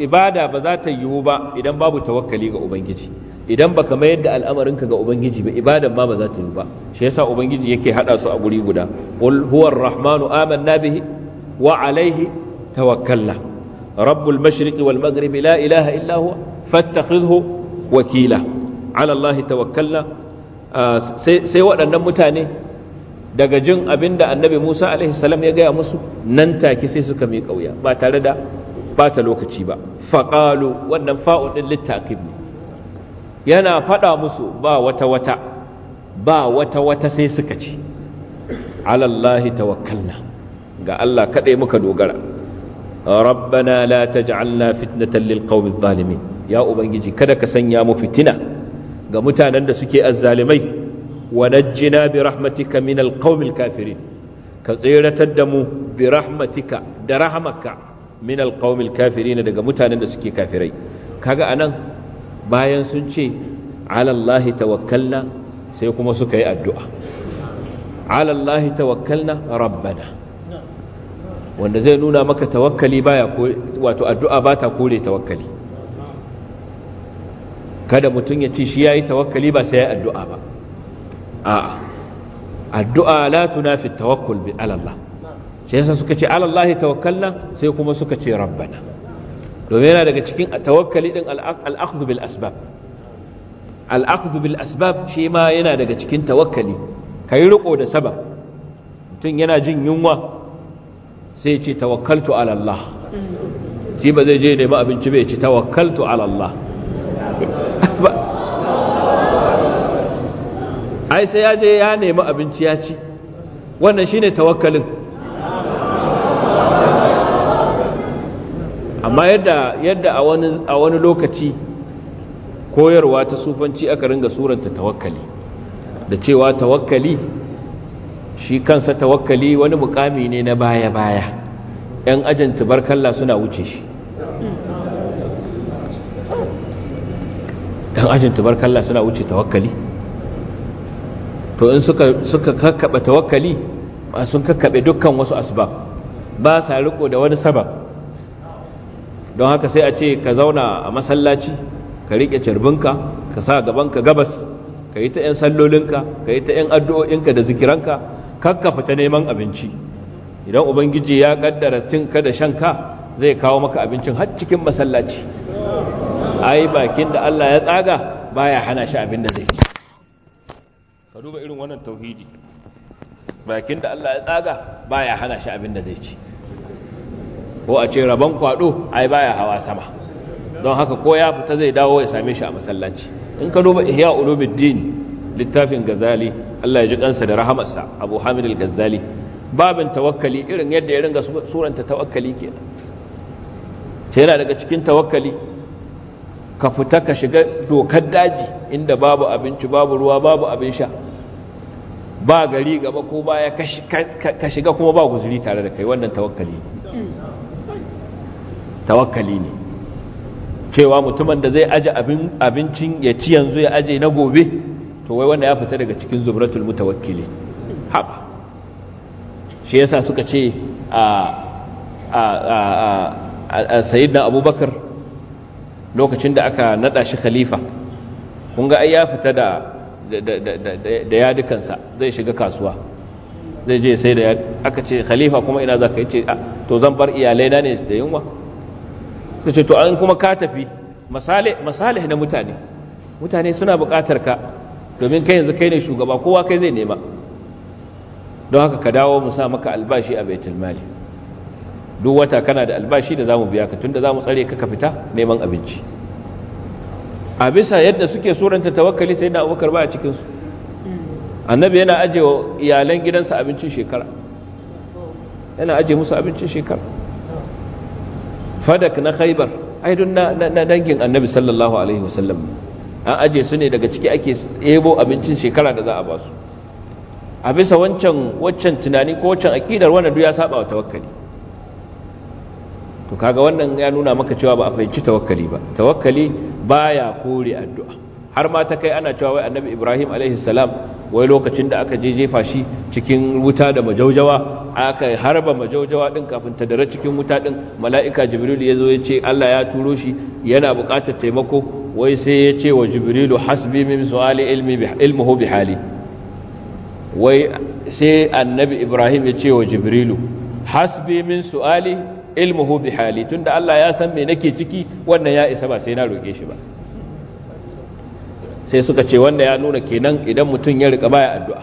ibada ba za ta yiwu ba idan babu tawakkali ga ubangiji idan baka mayar da al'amarinka ga ubangiji ba ibadan ma ba za ta yiwu ba shi yasa ubangiji yake hada su a guri guda qul huwar rahmanu amanna bihi wa alaihi tawakkalna rabbul mashriqi wal maghribi la ilaha illa huwa fattakhidhu wakila ala allahi sai waɗannan mutane daga jin abin da annabi musa alaihissalam ya gaya musu nan take sai suka mai ƙauya ba tare da bata lokaci ba faƙalu wannan fa'udin littafin ne yana faɗa musu ba wata-wata ba wata-wata sai suka ci. alallahi tawakkalna ga Allah kaɗai muka dogara rabbana la taj'alna fitnatan lil qawmi zalimin ya ubangiji kada ka sanya mu fitina ga mutanen da suke azzalimai wa najjina bi rahmatika min alqawmil kafirin ka tseratar da mu bi rahmatika da rahamaka min alqawmil kafirin daga mutanen da suke kafirai kaga anan bayan sun ce ala Allah tawakkalna sai kuma suka yi addu'a ala Allah tawakkalna rabbana wanda zai nuna maka tawakkali baya wato addu'a bata kore tawakkali kada mutum ya ci shi ya yi tawakkali ba sai ya addu'a ba a'a addu'a la tunafi tawakkul bi alallah shi yasa suka ce alallahi tawakkalna sai kuma suka ce rabbana domin yana daga cikin tawakkali din al'akhdhu bil asbab al'akhdhu bil asbab shi ma yana daga cikin tawakkali Ka yi riko da sabab mutum yana jin yunwa sai ya ce tawakkaltu alallah shi ba zai je nema abinci bai ci tawakkaltu alallah ai sai ya je ya nemi abinci ya ci wannan shine tawakkalin amma yadda yadda a wani a wani lokaci koyarwa ta sufanci aka ringa suranta tawakkali da cewa tawakkali shi kansa tawakkali wani mukami ne na baya baya yan ajin tubarkalla suna wuce shi yan ajin tubarkalla suna wuce tawakkali to in suka suka kakkaba tawakkali sun kakkabe dukkan wasu asbab ba sa riko da wani sabab don haka sai a ce ka zauna a masallaci ka rike cirbinka ka sa gaban ka gabas ka yi ta 'yan sallolinka ka yi ta 'yan addu'o'inka da zikiranka ka fita neman abinci idan ubangiji ya kaddara cinka da shanka zai kawo maka abincin har cikin masallaci ai bakin da Allah ya tsaga baya hana shi abin da zai ci ka duba irin wannan tauhidi bakin da Allah ya tsaga baya hana shi abin da zai ci ko a ce rabon kwado ai baya hawa sama don haka ko ya fita zai dawo ya same shi a masallaci in ka duba ihya ulumuddin littafin gazali Allah ya ji kansa da rahamarsa Abu Hamid al-Ghazali babin tawakkali irin yadda ya ringa suranta tawakkali kenan yana daga cikin tawakkali ka fita ka shiga dokar daji inda babu abinci babu ruwa babu abin sha ba gari gaba ko baya ka shiga kuma ba guzuri tare da kai wannan tawakkali ne. tawakkali ne cewa mutumin da zai aje abincin ya ci yanzu ya aje na gobe to wai wanda ya fita daga cikin zumratul mutawakkili haba shi yasa suka ce a a a abubakar lokacin da aka nada shi khalifa kun ga ai ya fita da da yadukansa zai shiga kasuwa zai je sai da aka ce khalifa kuma ina za ka yi ce ah, to zan bar iyalai na ne da yunwa ka ce to an kuma ka tafi masalih na mutane mutane suna bukatar ka domin kai yanzu kai ne shugaba kowa kai zai nema don haka ka dawo mu sa maka albashi a baitul mali duk wata kana da albashi da zamu biya ka tunda zamu tsare ka ka fita neman abinci a bisa yadda suke suranta tawakkali sai na abubakar ba a cikinsu annabi yana aje wa iyalan gidansa abincin shekara yana aje musu abincin shekara fadak na khaibar aidun na dangin annabi sallallahu alaihi wasallam an aje su ne daga ciki ake ebo abincin shekara da za a ba su a bisa wancan wancan tunani ko wancan akidar wannan duk ya saba wa tawakkali to kaga wannan ya nuna maka cewa ba a fahimci tawakkali ba tawakkali baya kore addu'a har ma ta kai ana cewa wai annabi ibrahim alaihi salam wai lokacin da aka je jefa shi cikin wuta da majaujawa aka harba majaujawa din kafin ta dare cikin wuta din mala'ika jibril ya zo ya ce allah ya turo shi yana buƙatar taimako wai sai ya ce wa jibril hasbi min su'ali ilmuhu bi hali wai sai annabi ibrahim ya ce wa jibrilu hasbi min su'ali ilmuhu bi hali tunda Allah ya san me nake ciki wannan ya isa ba sai na roke shi ba sai suka ce wannan ya nuna kenan idan mutum ya rika baya addu'a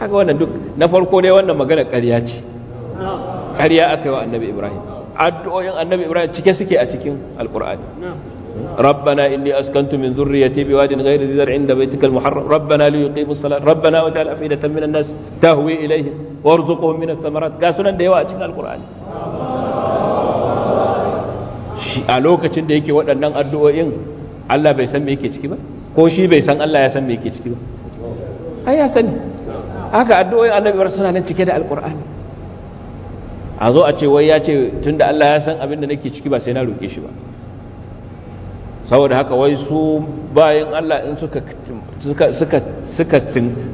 haka wannan duk na farko dai wannan magana ƙarya ce ƙarya aka yi wa annabi ibrahim addu'o'in annabi ibrahim cike suke a cikin alƙur'ani ربنا إني أسكنت من ذريتي بواد غير ذي زرع عند بيتك المحرم ربنا ليقيموا الصلاة ربنا وجعل أفئدة من الناس تهوي إليهم وارزقهم من الثمرات كاسونا ديوا أشكال القرآن a lokacin da yake waɗannan addu'o'in Allah bai san me yake ciki ba ko shi bai san Allah ya san me yake ciki ba ai ya sani haka addu'o'in Allah bai suna nan cike da alqur'ani a zo a ce wai ya ce tun da Allah ya san abin da nake ciki ba sai na roƙe shi ba saboda haka wai su bayan Allah in suka suka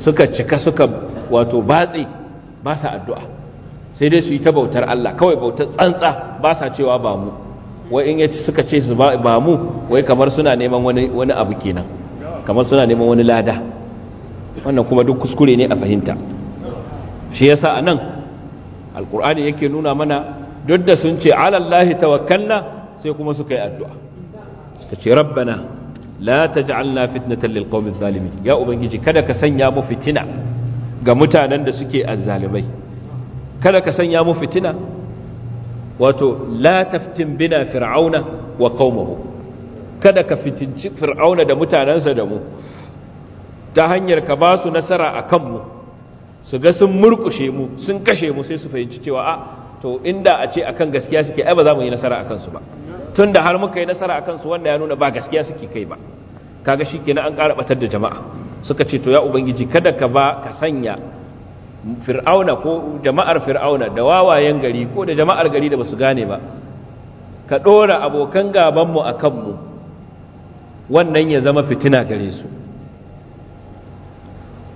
suka cika suka wato batsi ba sa addu'a sai dai su yi ta bautar Allah kawai bautar tsantsa ba sa cewa ba mu wai in yace suka ce su ba mu wai kamar suna neman wani wani abu kenan kamar suna neman wani lada wannan kuma duk kuskure ne a fahimta shi yasa anan alqur'ani yake nuna mana duk da sun ce alallahi Allah tawakkalna sai kuma suka yi addu'a suka ce rabbana la taj'alna fitnatan lilqawmi adh-dhalimin ya ubangiji kada ka sanya mu fitina ga mutanen da suke azzalimai kada ka sanya mu fitina wato la taftin bina fir'auna wa qaumuhu kada ka fitinci fir'auna da mutanansa da mu ta hanyar ka ba su nasara a kanmu su ga sun murkushe mu sun kashe mu sai su fahimci cewa a ah, to inda a ce akan gaskiya suke ai ba za mu yi nasara akan su ba tun da har muka yi nasara akan su wanda ya nuna ba gaskiya suke kai ba kaga shi kenan an ƙara batar da jama'a suka ce to ya ubangiji kada ka ba ka sanya fir'auna ko jama'ar fir'auna da wawayen gari ko da jama'ar gari da basu gane ba ka ɗora abokan gabanmu a kanmu wannan ya zama fitina gare su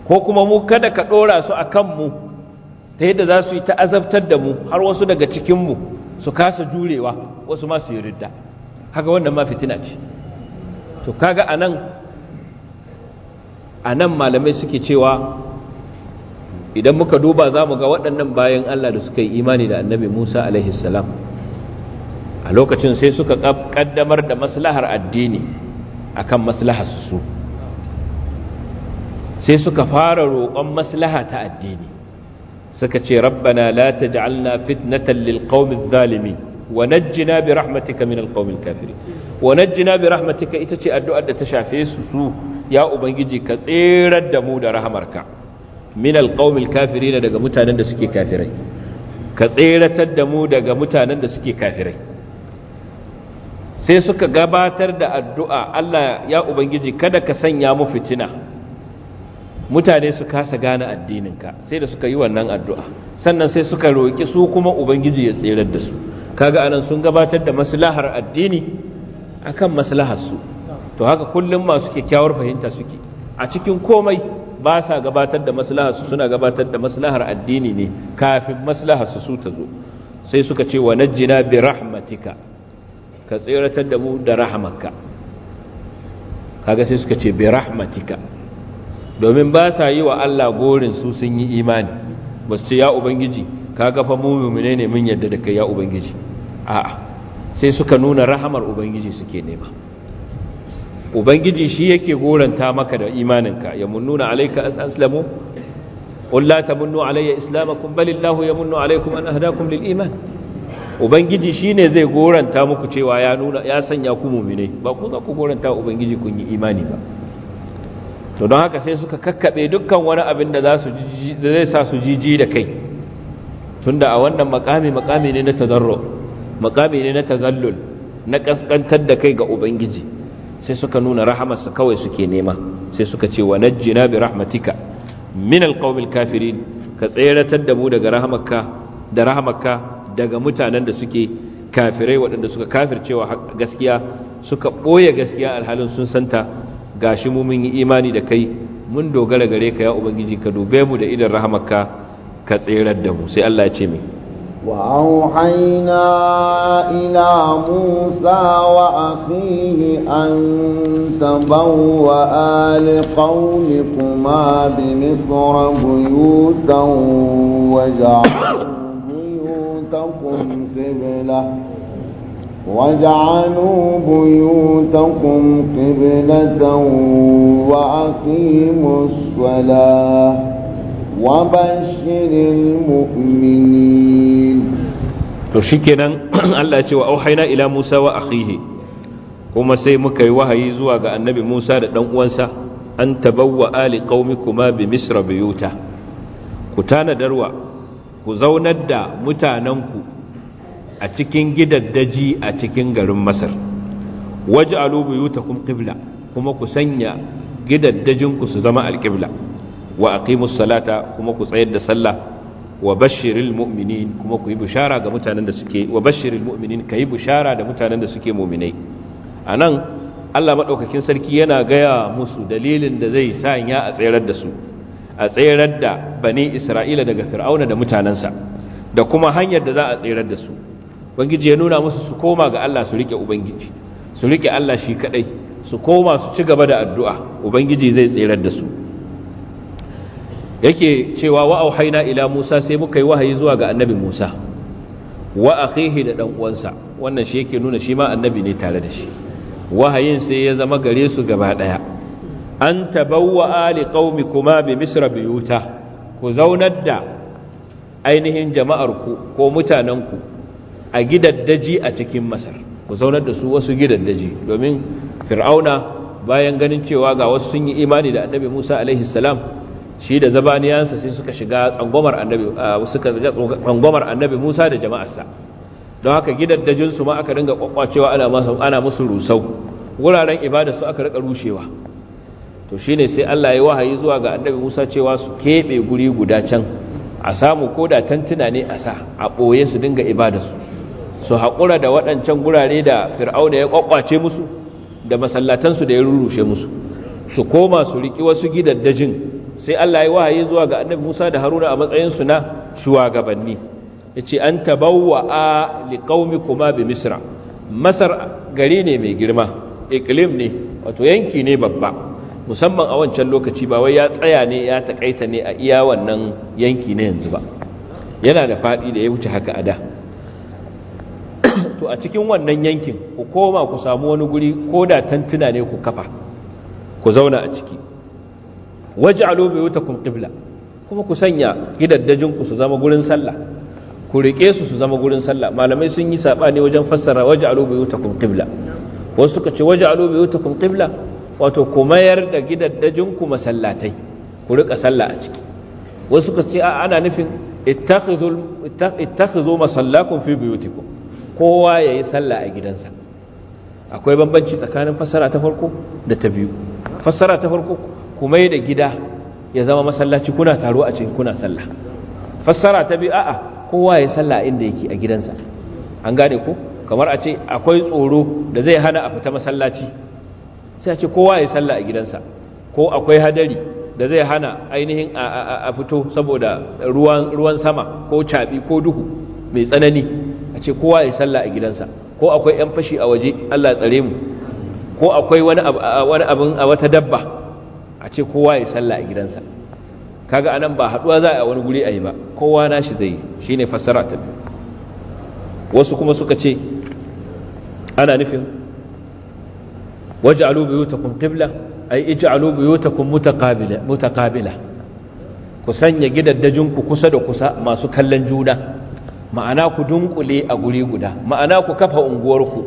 ko kuma mu kada ka ɗora su a kanmu ta yadda za su yi ta azabtar da mu har wasu daga cikinmu su kasa jurewa wasu masu yi ridda haka wannan ma fitina ce to kaga anan anan malamai suke cewa idan muka duba za mu ga waɗannan bayan Allah da suka yi imani da annabi Musa alaihissalam a lokacin sai suka ƙaddamar da maslahar addini a kan maslahar su sai suka fara roƙon maslaha ta addini suka ce rabbana la taj'alna fitnatan lil qaumiz zalimin wa najjina bi rahmatika min al qaumil kafirin wa najjina bi rahmatika ita ce addu'ar da ta shafe su su ya ubangiji ka tserar da mu da rahamarka min alqaumil kafirin daga mutanen da suke kafirai ka tseratar da mu daga mutanen da suke kafirai sai suka gabatar da addu'a Allah ya ubangiji kada ka sanya mu fitina mutane su kasa gane addininka sai da suka yi wannan addu'a sannan sai suka roƙi su kuma ubangiji ya tserar da su kaga anan sun gabatar da maslahar addini akan maslahar su to haka kullum masu kyakkyawar fahimta suke a cikin komai ba sa gabatar da maslahar su suna gabatar da maslahar addini ne kafin maslahar su su ta zo sai suka ce wa najjina bi rahmatika ka tsiratar da mu da rahmatka kaga sai suka ce bi rahmatika domin ba sa yi wa Allah gorin su sun yi imani ba su ce ya ubangiji kaga fa mu mu'mine ne mun yadda da kai ya ubangiji a'a sai suka nuna rahamar ubangiji suke nema ubangiji shi yake goranta maka da imaninka ya munnuna alaika as aslamu qul la tamunnu alayya islamakum balillahu yamunnu alaykum an ahdakum lil iman ubangiji shine zai goranta muku cewa ya nuna ya sanya ku mu'mine ba ku za ku goranta ubangiji kun yi imani ba to don haka sai suka kakkabe dukkan wani abin da zai sa su jiji da kai tunda a wannan makami makami ne na tadarru makami ne na tazallul na kaskantar da kai ga ubangiji sai suka nuna rahamarsa kawai suke nema sai suka ce wa najjina bi rahmatika min alqawmil kafirin ka tseratar da mu daga rahamarka da rahamarka daga mutanen da suke kafirai waɗanda suka kafircewa gaskiya suka ɓoye gaskiya alhalin sun santa gashi mu mun yi imani da kai mun dogara gare ka ya ubangiji ka dube mu da idan rahamarka ka tserar da mu sai Allah ya ce mai وأوحينا إلى موسى وأخيه أن تبوأ لقومكما بمصر بيوتا وجعلوا بيوتكم قبلة وجعلوا بيوتكم قبلة وأقيموا الصلاة وبشر المؤمنين to shikenan Allah ya ce wa auhayna ila Musa wa akhihi kuma sai muka yi wahayi zuwa ga annabi Musa da dan uwansa an tabawwa ali qaumikuma bi misra biyuta ku tanadarwa ku zaunar da mutananku a cikin gidaddaji a cikin garin Masar waj'alu biyutakum qibla kuma ku sanya gidaddajinku su zama alqibla wa aqimus salata kuma ku tsayar da sallah wa bashiril mu'minin kuma ku yi bushara ga mutanen da suke wa bashiril mu'minin kai da mutanen da suke mu'minai anan Allah madaukakin sarki yana gaya musu dalilin da zai sanya a tsayar da su a tsayar da bani Isra'ila daga Fir'auna da mutanansa da kuma hanyar da za a tsayar da su ubangiji ya nuna musu su koma ga Allah su rike ubangiji su rike Allah shi kadai su koma su ci gaba da addu'a ubangiji zai tsayar da su yake cewa wa auhaina ila Musa sai muka yi wahayi zuwa ga annabi Musa wa akhihi da dan uwansa wannan shi yake nuna shi ma annabi ne tare da shi wahayin sai ya zama gare su gaba daya an Ali ƙaumi kuma bi misra biyuta ku zaunar da ainihin jama'ar ku ko mutanen ku a daji a cikin masar ku zaunar da su wasu daji. domin fir'auna bayan ganin cewa ga wasu sun yi imani da annabi Musa alaihi salam shi da zabaniyansa sai suka shiga tsangomar annabi uh, suka shiga tsangomar annabi Musa da jama'arsa don haka gidaddajin su ma aka dinga kwakwacewa ana musu ana musu rusau wuraren ibada su aka rika rushewa to shine sai Allah ya wahayi zuwa ga annabi Musa cewa su keɓe guri guda can a samu koda tantuna ne a sa a ɓoye su dinga ibada su su haƙura da waɗancan gurare da fir'auna ya kwakwace musu da masallatansu da ya rurrushe musu su koma su riki wasu gidan dajin. sai Allah ya wahayi zuwa ga annabi Musa da Haruna a matsayin su na shugabanni yace an tabawwa kuma bi misra masar gari ne mai girma iklim ne wato yanki ne babba musamman a wancan lokaci ba wai ya tsaya ne ya takaita ne a iya wannan yanki na yanzu ba yana da faɗi da ya wuce haka a da to a cikin wannan yankin ku koma ku samu wani guri ko da tantuna ne ku kafa ku zauna a ciki Waje waj'alu buyutakum qibla kuma ku sanya gidaddajinku su zama gurin sallah ku rike su su zama gurin sallah malamai sun yi sabani wajen fassara waje waj'alu buyutakum qibla wasu suka ce waje waj'alu buyutakum qibla wato ku mayar da gidaddajinku ku masallatai ku riƙa sallah a ciki wasu suka ce a ana nufin ittakhidhu ittakhidhu masallakum fi buyutikum kowa yayi sallah a gidansa akwai bambanci tsakanin fassara ta farko da ta biyu fassara ta farko ku mai da gida ya zama masallaci kuna taro a cikin kuna sallah fassara ta bi a'a kowa ya sallah inda yake a gidansa an gane ko kamar a ce akwai tsoro da zai hana a fita masallaci sai a ce kowa ya sallah a gidansa ko akwai hadari da zai hana ainihin a fito saboda ruwan sama ko caɓi ko duhu mai tsanani a ce kowa ya sallah a gidansa ko akwai 'yan fashi a waje allah tsare mu ko akwai wani abin a wata dabba a ce kowa ya salla a gidansa kaga anan ba haduwa za a wani guri a yi ba kowa nashi zai yi shine fassara ta wasu kuma suka ce ana nufin waj'alu biyutakum qibla ay ij'alu biyutakum mutaqabila ku sanya gidaddajinku kusa da kusa masu kallon juna ma'ana ku dunkule a guri guda ma'ana ku kafa unguwarku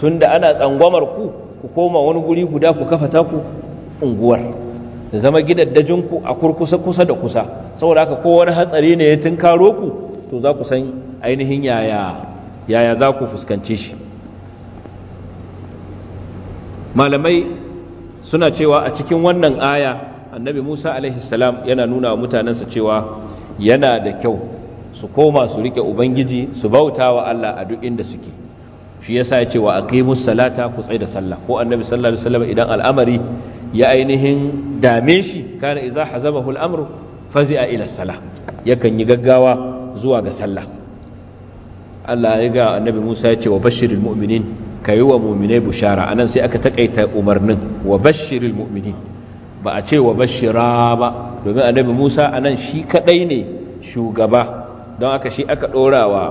tunda ana tsangwamar ku ku koma wani guri guda ku kafa ku unguwar da zama gidaddajinku a kurkusa kusa da kusa saboda haka ko wani hatsari ne ya tunkaro ku to za ku san ainihin yaya yaya za ku fuskance shi malamai suna cewa a cikin wannan aya annabi musa salam yana nuna wa mutanensa cewa yana da kyau su koma su rike ubangiji su bauta wa allah a duk inda suke shi yasa ya ce wa aqimus salata ku tsaye da sallah ko annabi sallallahu alaihi wasallam idan al'amari ya ainihin dame shi kana iza hazamahu al-amru fazi'a ila sallah yakan yi gaggawa zuwa ga sallah Allah ya ga annabi Musa ya ce wa bashiril mu'minin kayi wa mu'minai bushara anan sai aka takaita umarnin wa bashiril mu'minin ba a ce wa bashira ba domin annabi Musa anan shi kadai ne shugaba don aka shi aka ɗora wa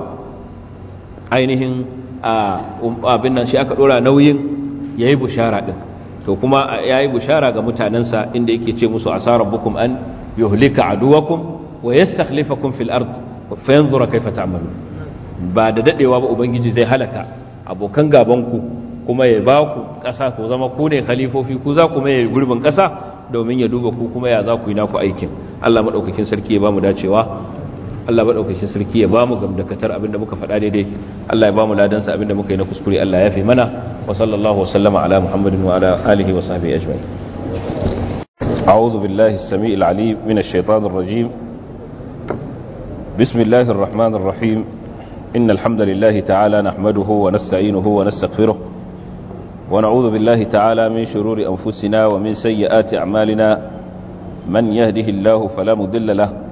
ainihin um, abin nan shi aka dora nauyin yayi bushara din to kuma yayi bushara ga mutanensa inda yake ce musu asarar bukum an yuhlika aduwakum wa yastakhlifakum fil ard fa yanzura kayfa ta'malu ba da dadewa ba ubangiji zai halaka abokan gaban ku kuma ya ba ku kasa ku zama ku ne khalifofi ku za kuma ya gurbin kasa domin ya duba ku kuma ya za ku yi naku aikin Allah madaukakin sarki ya ba mu dacewa Allah maɗaukacin sarki ya ba mu gamdakatar abinda muka faɗa daidai Allah ya ba mu ladansa abinda muka yi na kuskure Allah ya fi mana wa sallallahu wa sallama ala Muhammadin wa ala alihi wa sahbihi ajma'in أعوذ بالله السميع العليم من rajim bismillahir rahmanir rahim innal hamdalillahi ta'ala nahmaduhu wa nasta'inuhu wa nastaghfiruh wa na'udhu billahi ta'ala min shururi anfusina wa min sayyiati a'malina man yahdihillahu fala mudilla lahu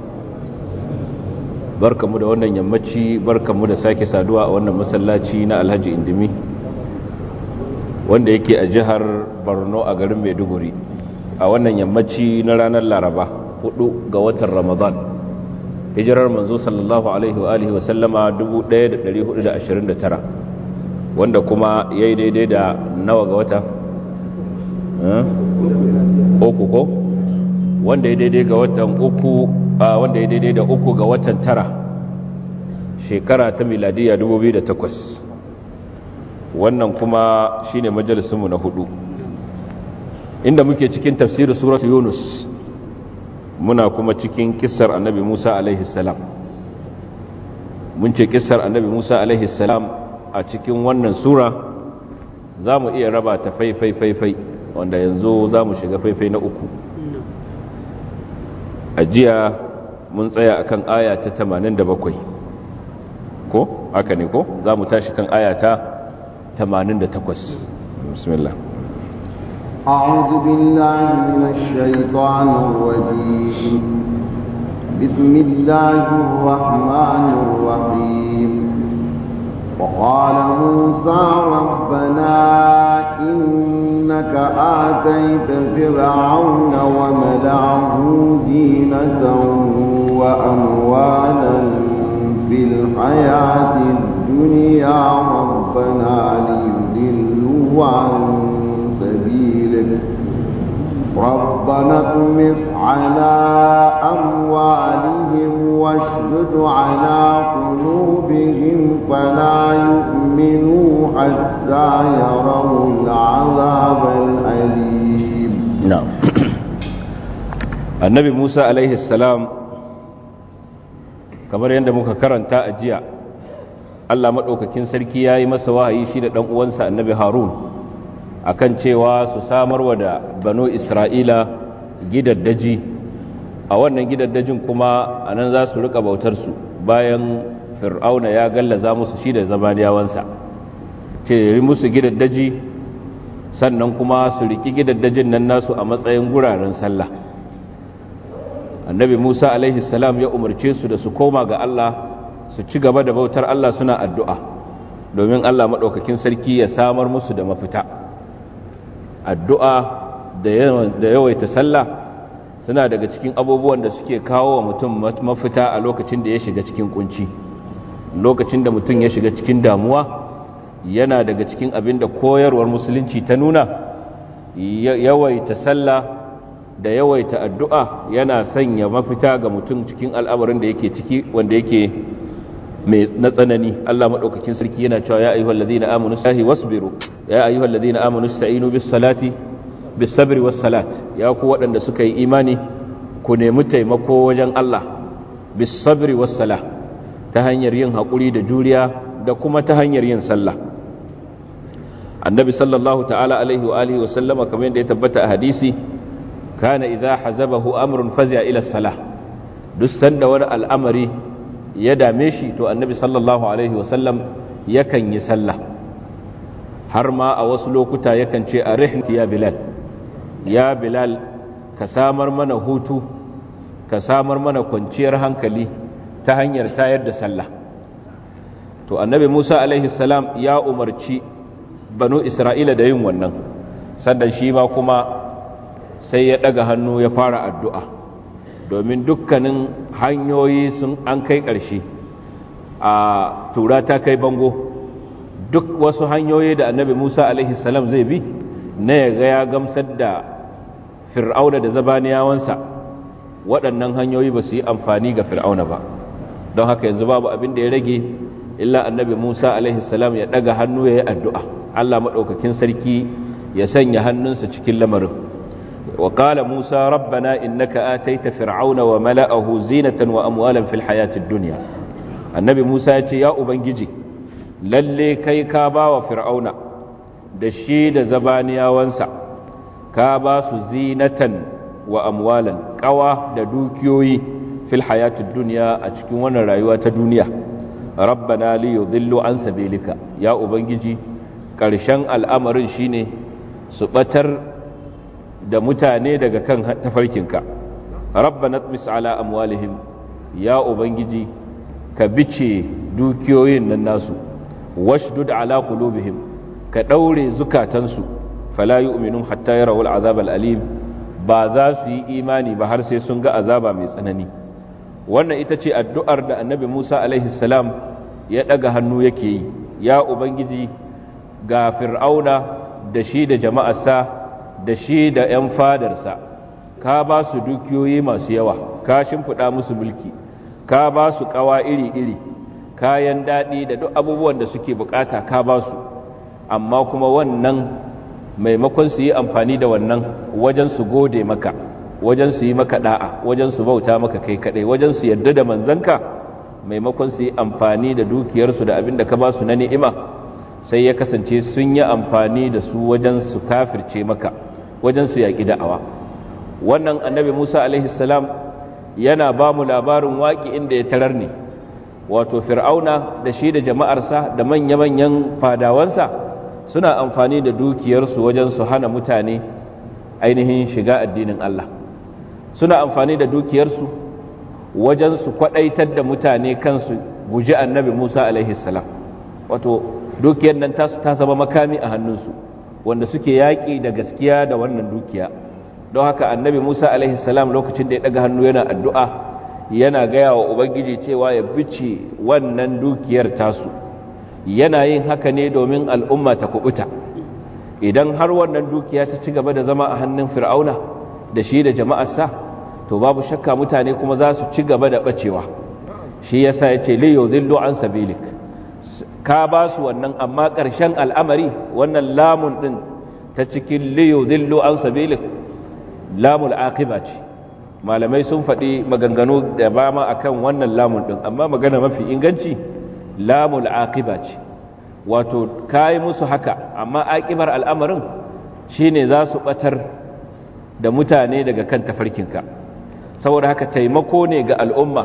mu da wannan yammaci mu da sake saduwa a wannan masallaci na alhaji indimi wanda yake a jihar borno a garin maiduguri a wannan yammaci na ranar laraba hudu ga watan ramadan hijirar manzo sallallahu alaihi wa alihi wasallama 1429 wanda kuma ya yi daidai da nawa ga wata? Hmm? uku ko? wanda ya daidai ga watan uku wanda ya daidai da uku ga watan tara shekara ta miladiya 2008 wannan kuma shine majalisunmu na hudu inda muke cikin tafsirin surat yunus muna kuma cikin kissar annabi musa alaihi salam mun ce kissar annabi musa alaihi salam a cikin wannan sura za mu iya raba ta faifai faifai wanda yanzu za mu shiga faifai na uku a jiya mun tsaya akan tamanin da 87 ko haka ne ko za mu tashi kan tamanin da 88 bismillah أعوذ بالله من الشيطان الرجيم بسم الله الرحمن الرحيم وقال موسى ربنا إنك آتيت فرعون وملعه زينة وأموالا في الحياة الدنيا ربنا ليذلوا عن سبيلك ربنا اطمس على أموالهم واشدد على قلوبهم فلا يؤمنوا حتى يروا العذاب الأليم نعم النبي موسى عليه السلام kamar yadda muka karanta a jiya Allah maɗaukakin sarki ya yi masa wahayi shi da ɗan annabi harun akan cewa su samar wa da banu isra'ila gidaddaji a wannan gidaddajin kuma a nan za su riƙa bautarsu bayan fir'auna ya gallaza musu shi da zamaniyawansa ce yi musu gidaddaji sannan kuma su riƙi gidaddajin nan nasu a matsayin guraren sallah annabi musa alaihi salam ya umarce su da su koma ga allah su ci gaba da bautar allah suna addu'a domin allah maɗaukakin sarki ya samar musu da mafita addu'a da yawaita sallah suna daga cikin abubuwan da suke kawo wa mutum mafita a lokacin da ya shiga cikin kunci lokacin da mutum ya shiga cikin damuwa yana daga cikin abin da koyarwar musulunci ta nuna yawaita sallah da yawaita addu'a yana sanya mafita ga mutum cikin al'amarin da yake ciki wanda yake mai na tsanani Allah maɗaukakin sarki yana cewa ya ayyuhal ladina amanu sahi biro ya ayyuhal ladina amanu sta'inu bis salati bis sabri wasu salat ya ku waɗanda suka yi imani ku nemi taimako wajen Allah bis sabri wasu sala ta hanyar yin haƙuri da juriya da kuma ta hanyar yin sallah annabi sallallahu ta'ala alaihi wa alihi wa sallama kamar yadda ya tabbata a hadisi kana idza hazabahu amrun fazi'a ila salah duk sanda wani al'amari ya dame shi to annabi sallallahu alaihi wasallam yakan yi sallah har ma a wasu lokuta yakan ce a rihnati ya bilal ya bilal ka samar mana hutu ka samar mana kwanciyar hankali ta hanyar tayar da sallah to annabi musa alaihi salam ya umarci banu isra'ila da yin wannan sannan shi ma kuma sai ya ɗaga hannu ya fara addu'a domin dukkanin hanyoyi sun an kai ƙarshe a tura ta kai bango duk wasu hanyoyi da annabi musa alaihissalam zai bi na ya ya gamsar da fir'auna da zabaniyawansa waɗannan hanyoyi ba su yi amfani ga fir'auna ba don haka yanzu babu abin da ya rage illa annabi musa alaihissalam ya ɗaga hannu ya yi addu'a allah maɗaukakin sarki ya sanya hannunsa cikin lamarin وقال موسى ربنا إنك آتيت فرعون وملأه زينة وأموالا في الحياة الدنيا النبي موسى يا أبنجي للي كي كابا وفرعون دشيد زبانيا وانسع كابا زينة وأموالا كوا دوكيوي في الحياة الدنيا أتكون رأيوة دنيا ربنا ليضلوا عن سبيلك يا أبنجي ƙarshen al'amarin shine su ɓatar da mutane daga kan tafarkinka Rabba tmis ala amwalihim ya ubangiji ka bice dukiyoyin nan nasu washdud ala qulubihim ka daure zukatansu fala yu'minun hatta yarawul azab alim ba za su yi imani ba har sai sun ga azaba mai tsanani wannan ita ce addu'ar da annabi Musa alaihi salam ya daga hannu yake yi ya ubangiji ga fir'auna da shi da jama'arsa da shi da 'yan fadarsa ka ba su dukiyoyi masu yawa ka shimfiɗa musu mulki ka ba su kawa iri-iri kayan daɗi da duk abubuwan da suke bukata ka ba su amma kuma wannan maimakon su yi amfani da wannan wajen su gode maka wajen su yi maka da'a wajen su bauta maka kai kaɗai wajen su yarda da manzanka maimakon su yi amfani da dukiyarsu da abin da ka ba su na ni'ima sai ya kasance sun yi amfani da su wajen su kafirce maka wajen su yaƙi da'awa wannan annabi musa alaihissalam yana ba mu labarin waƙi inda ya tarar ne wato fir'auna da shi da jama'arsa da manya-manyan fadawansa suna amfani da dukiyarsu wajen su hana mutane ainihin shiga addinin allah suna amfani da dukiyarsu wajen su kwaɗaitar da mutane kansu guji annabi musa alaihissalam wato dukiyar nan ta zama makami a hannunsu wanda suke yaƙi da gaskiya da wannan dukiya don haka annabi musa alaihi salam lokacin da ya daga hannu yana addu'a yana gaya wa ubangiji cewa ya bice wannan dukiyar tasu yana yin haka ne domin al'umma ta kubuta idan har wannan dukiya ta ci gaba da zama a hannun fir'auna da shi da jama'arsa to babu shakka mutane kuma za su ci gaba da ɓacewa shi yasa ya ce liyo zillo an sabilik ka ba su wannan amma ƙarshen al'amari wannan lamun ɗin ta cikin liyu zillu an sabili lamul aqiba ce malamai sun faɗi maganganu da ba ma akan wannan lamun ɗin amma magana mafi inganci lamul aqiba ce wato ka yi musu haka amma aƙibar al'amarin shine za su ɓatar da mutane daga kan tafarkinka saboda haka taimako ne ga al'umma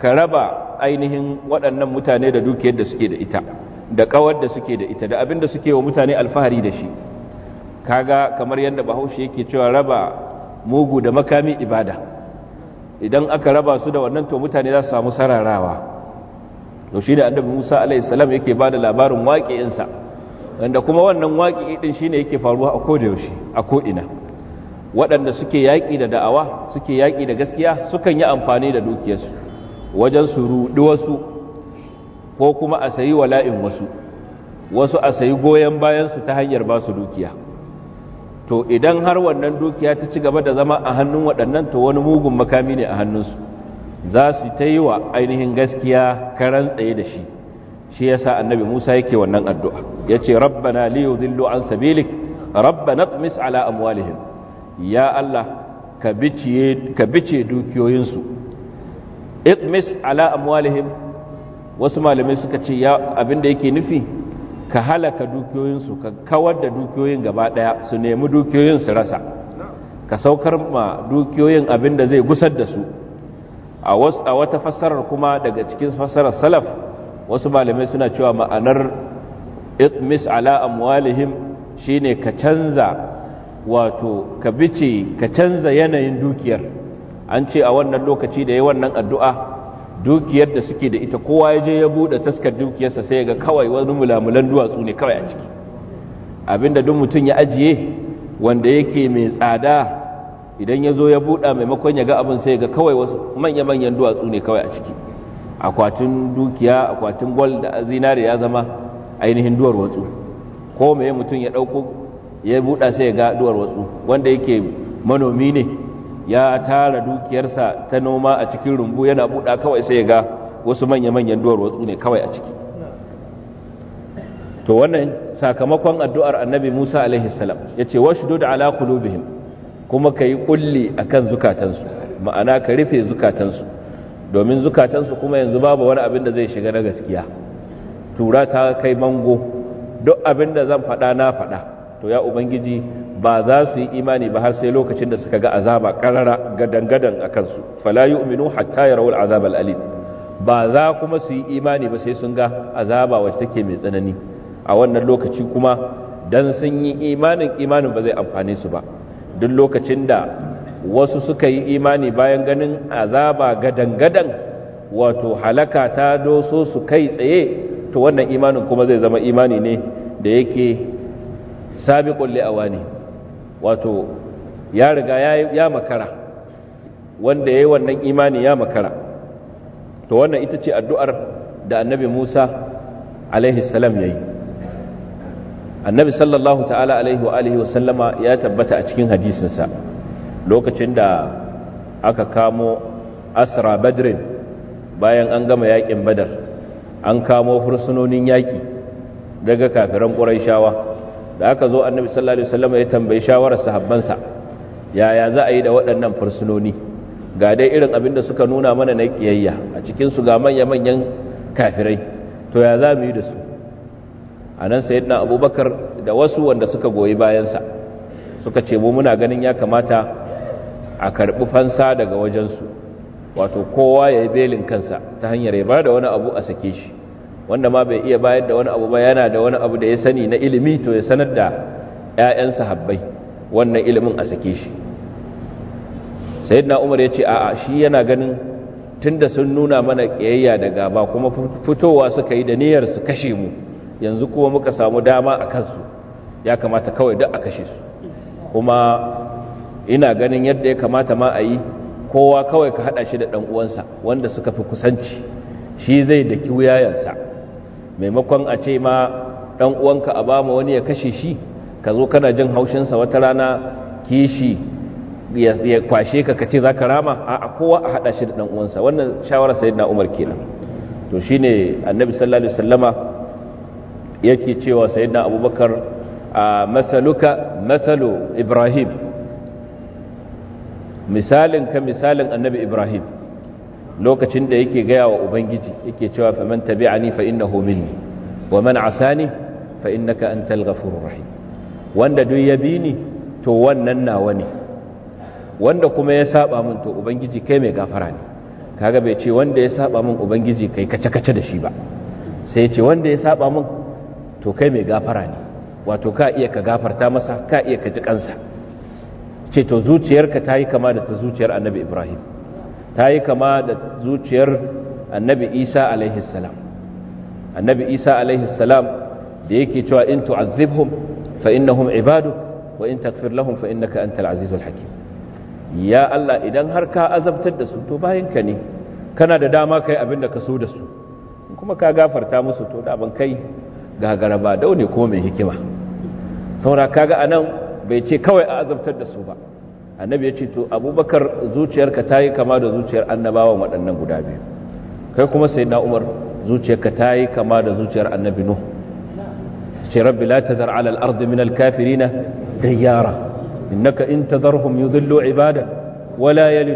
ka raba ainihin waɗannan mutane da dukiyar da suke da ita da kawar da suke da ita da abin da suke wa mutane alfahari da shi kaga kamar yadda bahaushe yake cewa raba mugu da makami ibada idan aka raba su da wannan to mutane za su samu sararawa to shi da annabi Musa alaihi salam yake ba da labarin waƙi'insa wanda kuma wannan waƙi din shine yake faruwa a koda yaushe a ko ina waɗanda suke yaƙi da da'awa suke yaƙi da gaskiya sukan yi amfani da dukiyarsu wajen su rudi wasu ko kuma a sayi wala'in wasu wasu a sayi goyon bayansu ta hanyar ba su dukiya to idan har wannan dukiya ta ci gaba da zama a hannun waɗannan to wani mugun makami ne a hannunsu za su ta yi wa ainihin gaskiya karan tsaye da shi shi yasa annabi Musa yake wannan addu'a yace rabbana li yudhillu an sabilik rabbana tmis ala amwalihim ya Allah ka bice dukiyoyinsu Iqmis ala amwalihim wasu malamai suka ce ya abinda yake nufi ka halaka dukiyoyinsu ka kawar da dukiyoyin gaba daya su nemi dukiyoyin su rasa ka saukar ma dukiyoyin abinda zai gusar da su a wata fassarar kuma daga cikin fassarar salaf wasu malamai suna cewa ma'anar iqmis ala amwalihim shine ka canza wato ka bice ka canza yanayin dukiyar an ce a wannan lokaci da ya wannan addu'a dukiyar da suke da ita kowa ya je ya buɗe taskar dukiyarsa sai ga kawai wani mulamulan duwatsu ne kawai a ciki abinda duk mutum ya ajiye wanda yake mai tsada idan ya zo ya buɗa maimakon ya ga abin sai ga kawai wasu manya-manyan duwatsu ne kawai a ciki akwatin dukiya akwatin gwal da zinare ya zama ainihin duwar watsu ko mai mutum ya ɗauko ya buɗa sai ga duwar watsu wanda yake manomi ne ya tara dukiyarsa ta noma a cikin rumbu yana buɗa kawai sai ya ga wasu manya-manyan duwar watsu ne kawai a ciki to wannan sakamakon addu'ar annabi musa alaihi ya ce washdud ala qulubihim kuma ka yi kulli a kan zukatansu ma'ana ka rufe zukatansu domin zukatansu kuma yanzu babu wani abin da zai shiga na gaskiya tura ta kai mango duk abin da zan faɗa na faɗa to ya ubangiji ba za su yi imani ba har sai lokacin da suka ga azaba karara gadangadan a kansu falayu yu'minu hatta ya rawar azabar alim ba za kuma su yi imani ba sai sun ga azaba wacce take mai tsanani a wannan lokaci kuma don sun yi imanin imanin ba zai amfane su ba duk lokacin da wasu suka yi imani bayan ganin azaba gadangadan wato halaka ta doso su kai tsaye to wannan imanin kuma zai zama imani ne da yake sabiqul li awani wato ya riga ya makara wanda ya yi wannan imani ya makara to wannan ita ce addu'ar da annabi musa alaihi salam ya yi annabi sallallahu ta'ala alaihi wa alihi wasallama ya tabbata a cikin hadisinsa lokacin da aka kamo asra badrin bayan an gama yakin badar an kamo fursunonin yaki daga kafiran ƙuraishawa shawa da aka zo annabi sallallahu alaihi wasallam ya tambayi shawarar sahabbansa yaya za a yi da waɗannan fursunoni ga dai irin abin da suka nuna mana na kiyayya a cikin su ga manya manyan kafirai to ya za mu yi da su nan sayyidina abubakar da wasu wanda suka goyi bayansa suka ce mu muna ganin ya kamata a karɓi fansa daga wajensu wato kowa ya yi belin kansa ta hanyar ya ba da wani abu a sake shi wanda ma bai iya bayar da wani abu ba yana da wani abu da ya sani na ilimi to ya sanar da 'ya'yan habbai wannan ilimin a sake shi sayyidina umar ya ce a'a shi yana ganin tunda sun nuna mana ƙiyayya da gaba kuma fitowa suka yi da niyyar su kashe mu yanzu kuma muka samu dama a kansu ya kamata kawai duk a kashe su kuma ina ganin yadda ya kamata ma a yi kowa kawai ka hada shi da ɗan uwansa wanda suka fi kusanci shi zai daki wuyayensa maimakon a ce ma ɗan uwanka a bama wani ya kashe shi ka zo kana jin haushinsa wata rana kishi ya kwashe ka kace ka rama a kowa a haɗa shi da dan uwansa wannan shawarar na Umar kenan to shi ne annabi sallallahu alaihi yake cewa na Abubakar masaluka masalu Ibrahim misalin ka misalin annabi Ibrahim lokacin da yake gaya wa ubangiji yake cewa fa man tabi'ani fa innahu minni wa man asani fa innaka antal ghafurur rahim wanda duk ya bi ni to wannan nawa ne wanda kuma ya saba min to ubangiji kai mai gafara ne kaga bai ce wanda ya saba min ubangiji kai kace kace da shi ba sai ya ce wanda ya saba min to kai mai gafara ne wato ka iya ka gafarta masa ka iya ka ji kansa ce to zuciyarka ta yi kama da ta zuciyar annabi ibrahim ta yi kama da zuciyar annabi isa alaihi annabi isa alaihi da yake cewa in tu'azzibhum fa innahum ibadu wa in taghfir lahum fa innaka antal azizul hakim ya Allah idan har ka azabtar da su to bayan ka ne kana da dama kai abin da ka so da su kuma ka gafarta musu to da ban kai gagara ba dau ne ko mai hikima saboda kaga anan bai ce kawai a azabtar da su ba annabi ya ce to abubakar zuciyarka ta yi kama da zuciyar annabawan waɗannan guda biyu kai kuma sai na umar zuciyarka ta yi kama da zuciyar annabi nuh ce rabbi la tazar ala al-ardi min al-kafirina dayyara innaka in tadharhum yudhillu ibada wala yalidu